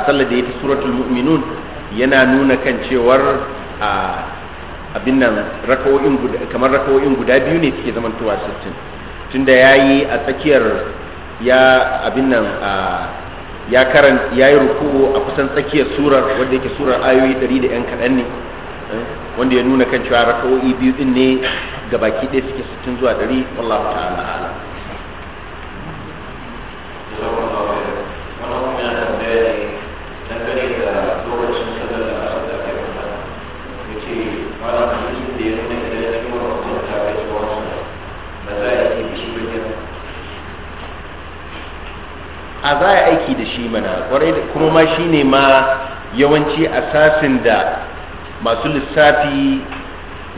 A: sallar da yake suratul mu'minun yana nuna kan cewar a abin nan kamar rakawo'in guda biyu ne suke zamantowa 60 tunda yi a tsakiyar ya abin nan ya karan ya yi ruku a kusan tsakiyar surar wanda yake surar ayoyi 100 da yan kaɗan ne eh, wanda ya nuna kan cewa rakawoyi biyu din ne ga baki ɗaya suke 60 zuwa 100 wallahu ta'ala ala a za a aiki da shi mana kwarai da kuma ma shi ne ma yawanci a sasin da masu lissafi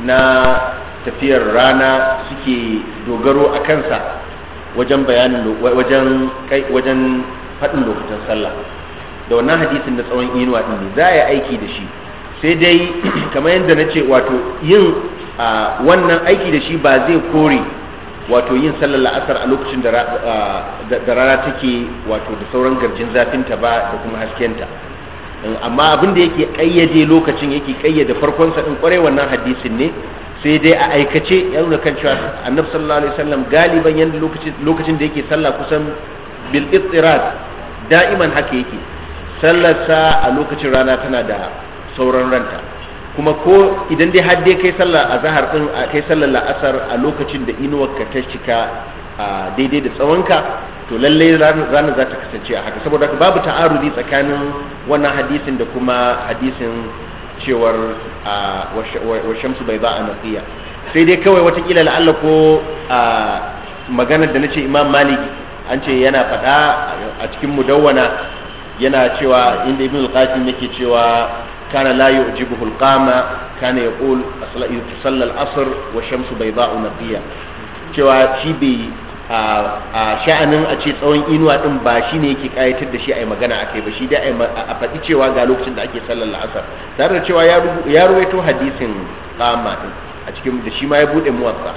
A: na tafiyar rana suke dogaro a kansa wajen bayanin wajen wajen faɗin lokacin sallah da wannan hadisin da tsawon inuwa din ne za a yi aiki da shi sai dai kamar yadda na ce wato yin wannan aiki da shi ba zai kore wato yin sallar la'asar a lokacin da rana take wato da sauran garjin zafinta ba da kuma haskenta amma abin da yake kayyade lokacin yake kayyade farkon sa din kware wannan hadisin ne sai dai a aikace ya nuna kan cewa annabi sallallahu alaihi wasallam galiban yanda lokacin lokacin da yake sallah kusan bil ittirad da'iman haka yake sallar sa a lokacin rana tana da sauran ranta kuma ko idan dai har dai kai sallar azhar din kai sallar la'asar a lokacin da inuwar ka ta cika daidai da tsawonka to lallai rana za ta kasance a haka saboda babu ta'arudi tsakanin wannan hadisin da kuma hadisin cewar wa shamsu bai ba a naqiya sai dai kawai watakila la'alla ko maganar da nace imam malik an ce yana faɗa a cikin mudawwana yana cewa inda ibn al-qasim yake cewa كان لا يعجبه القامة كان يقول تصلى العصر والشمس بيضاء نقية cewa shi bai a sha'anin a ce tsawon inuwa din ba shi ne yake kayatar da shi a yi magana a kai ba shi dai a faɗi cewa ga lokacin da ake sallar la'asar tare da cewa ya ruwaito hadisin kama din a cikin da shi ma ya buɗe muwatsa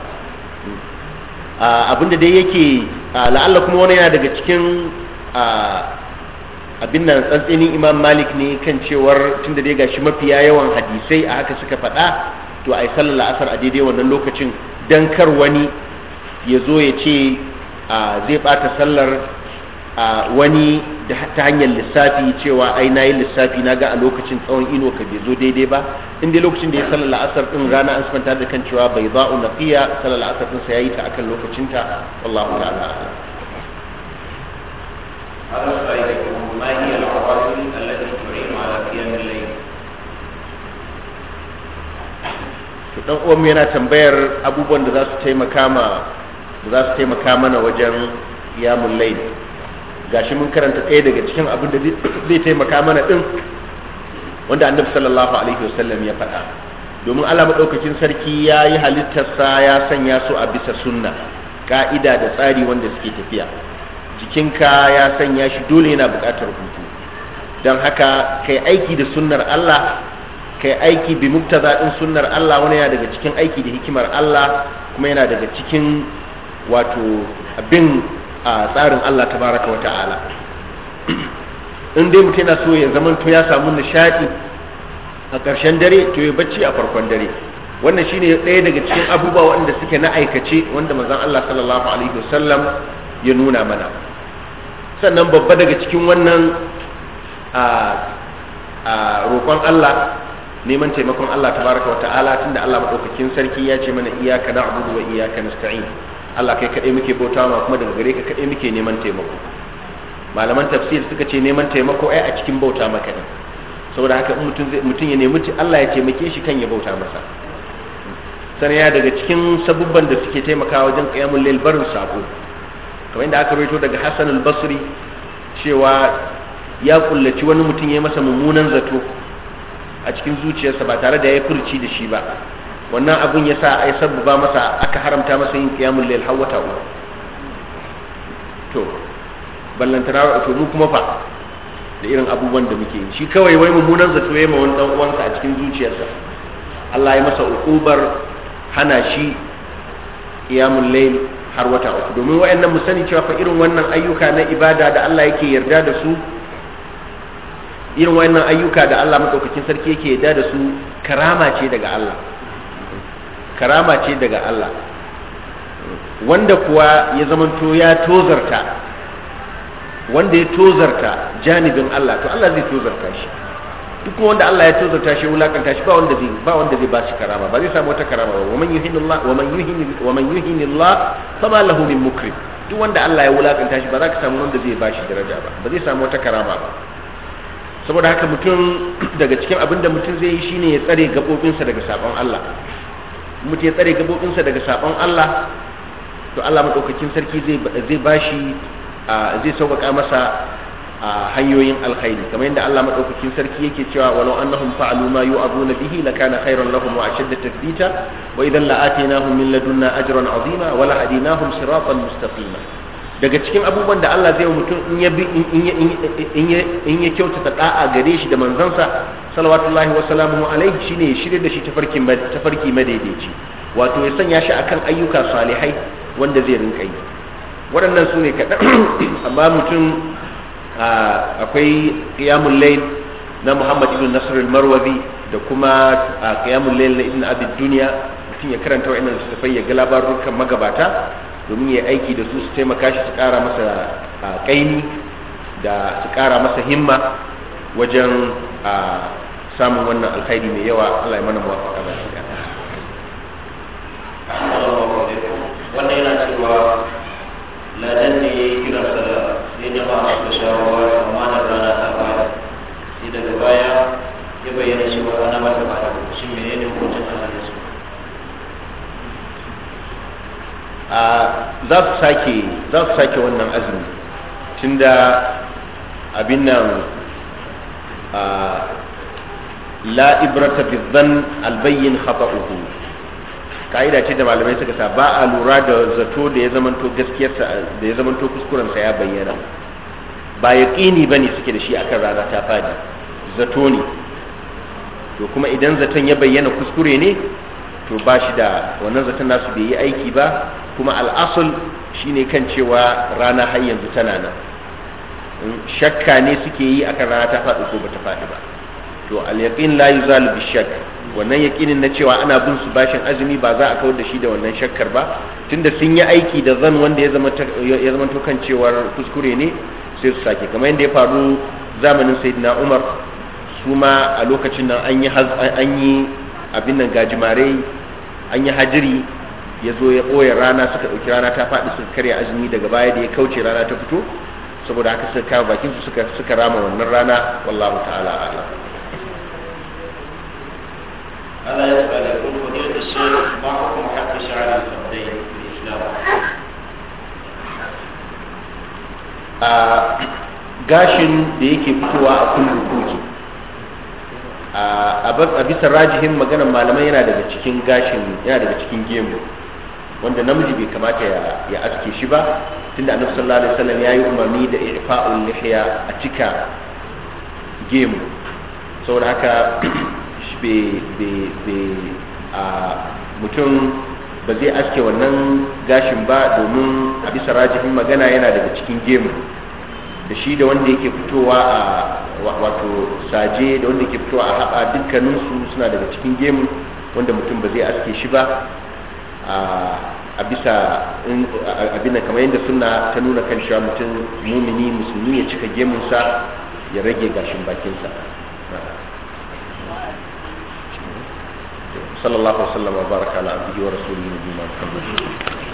A: abinda dai yake la'alla kuma wani yana daga cikin abin nan tsantsinin imam malik ne kan cewar tun da dai gashi mafiya yawan hadisai a haka suka faɗa to a yi sallar la'asar a daidai wannan lokacin don kar wani ya zo ya ce zai ɓata sallar wani ta hanyar lissafi cewa ai na yi lissafi na ga a lokacin tsawon ino ka bai zo daidai ba in dai lokacin da ya sallar la'asar din rana an sifanta da kan cewa bai za'u nafiya sallar la'asar din sa yayi ta akan lokacinta wallahu ta'ala dan uwan yana tambayar abubuwan da za su taimaka ma za su taimaka mana wajen yamun laili gashi mun karanta ɗaya daga cikin abin da zai taimaka mana din? wanda annabi sallallahu alaihi wasallam ya faɗa domin Allah maɗaukakin sarki ya yi halittarsa ya sanya su a bisa sunna ka'ida da tsari wanda suke tafiya jikinka ya sanya shi dole yana buƙatar hutu don haka kai aiki da sunnar Allah kai aiki bi muktaza din sunnar Allah wani yana daga cikin aiki da hikimar Allah kuma yana daga cikin wato abin a tsarin Allah tabaraka wa ta'ala in dai mutum yana so ya zama to ya samu nishadi a ƙarshen dare to ya bacci a farkon dare wannan shine ɗaya daga cikin abubuwa wanda suke na aikace wanda manzon Allah sallallahu alaihi wasallam ya nuna mana sannan babba daga cikin wannan a roƙon Allah neman taimakon Allah tabaraka wa ta'ala tunda Allah madaukakin sarki ya ce mana iyyaka na'budu wa iyyaka nasta'in Allah kai kadai muke bautawa kuma daga gare ka kadai muke neman taimako malaman tafsir suka ce neman taimako ai a cikin bauta maka ne saboda haka in mutum zai mutum ya nemi Allah ya taimake shi kan ya bauta masa sanaya daga cikin sabubban da suke taimakawa wajen qiyamul lail barin sako kamar yadda aka rawaito daga Hassan al-Basri cewa ya kullaci wani mutum ya masa mummunan zato a cikin zuciyarsa ba tare da ya furci da shi ba wannan abun ya sa ai sabbaba masa aka haramta masa yin qiyamul la'il hawata uku to ballantana to mu kuma fa da irin abubuwan da muke yi shi kawai wai mummunan zato ya ma wani dan uwansa a cikin zuciyarsa Allah ya masa ukubar hana shi qiyamul lail har wata uku domin wa'annan mu sani cewa fa irin wannan ayyuka na ibada da Allah yake yarda da su irin wa'annan ayyuka da Allah madaukakin sarki yake yarda da su karama ce daga Allah karama ce daga Allah wanda kuwa ya zamanto ya tozarta wanda ya tozarta janibin Allah to Allah zai tozarta shi duk wanda Allah ya tozarta shi wulakanta shi ba wanda zai ba wanda zai ba shi karama ba zai samu wata karama ba waman yuhinillah waman yuhin waman yuhinillah fama lahu min mukrim duk wanda Allah ya wulakanta shi ba za ka samu wanda zai ba shi daraja ba ba zai samu wata karama ba saboda haka mutum daga cikin abin da mutum zai yi shine ya tsare gabobinsa daga sabon Allah mutum ya tsare gabobinsa daga sabon Allah to Allah madaukakin sarki zai zai bashi zai sauƙaƙa masa a hanyoyin alkhairi kamar yadda Allah madaukakin sarki yake cewa walau annahum fa'alu ma yu'aduna bihi lakana khairan lahum wa ashadda tathbita wa idan la'atinahum min ladunna ajran azima wa la'adinahum siratan mustaqima daga cikin abubuwan da Allah zai mutum in ya in ya kyautata da'a gare shi da manzansa salawatullahi wa salamuhu alaihi shine ya shirye da shi tafarki tafarki madaidaici wato ya sanya shi akan ayyuka salihai wanda zai rinka yi waɗannan su ne kaɗan amma mutum akwai qiyamul layl na Muhammad ibn Nasr al-Marwazi da kuma qiyamul layl na Ibn Abi Dunya mutum ya karanta wa'annan littattafai ya ga labarukan magabata domin ya aiki da su su taimaka shi su kara masa kaini da su kara masa himma wajen samun wannan alkhairi mai yawa Allah ya mana muwafaqa da shi sake za su sake wannan azumi tunda abin nan la ibrata bi dhann haɓa khata'uhu kaida ce da malamai suka sa ba a lura da zato da ya zamanto gaskiyarsa da ya zamanto kuskurensa ya bayyana ba yaqini bane suke da shi akan rana ta fadi zato ne to kuma idan zaton ya bayyana kuskure ne to ba shi da wannan zaton nasu bai yi aiki ba kuma al'asul shine kan cewa rana har yanzu tana nan shakka ne suke yi a akan rana ta faɗi ko bata faɗi ba to al-yaqin la bi-shakk wannan yaqinin na cewa ana bin su bashin azumi ba za a kawar da shi da wannan shakkar ba tunda sun yi aiki da zan wanda ya zama ya zama to kan cewar kuskure ne sai su sake kamar yadda ya faru zamanin sayyidina Umar su ma a lokacin nan an yi an yi abin nan gajimare an yi hajiri ya zo ya ɓoye rana suka ɗauki rana ta faɗi suka karya azumi daga baya da ya kauce rana ta fito saboda haka suka kama bakin su suka suka rama wannan rana wallahu ta'ala Allah ya da a gashin da yake fitowa a kullum koki a bisa rajihin maganar malamai yana daga cikin gashin yana daga cikin gemu wanda namiji bai kamata ya aske shi ba tunda annabi sallallahu alaihi wasallam yayi umarni da ifa'ul lihiya a cika gemu saboda haka mutum ba zai aske wannan gashin ba domin a bisa rajihin magana yana daga cikin gemu da shi da wanda yake fitowa a wato saje da wanda yake fitowa a haɓa dukkaninsu suna daga cikin gemu wanda mutum ba zai aske shi ba a bisa abin da kamar yadda suna ta nuna kan cewa mutum mumini musulmi ya cika gemunsa ya rage gashin bakinsa sallallahu alaihi wasallam wa baraka ala abdihi wa rasulihi nabiyina
C: muhammad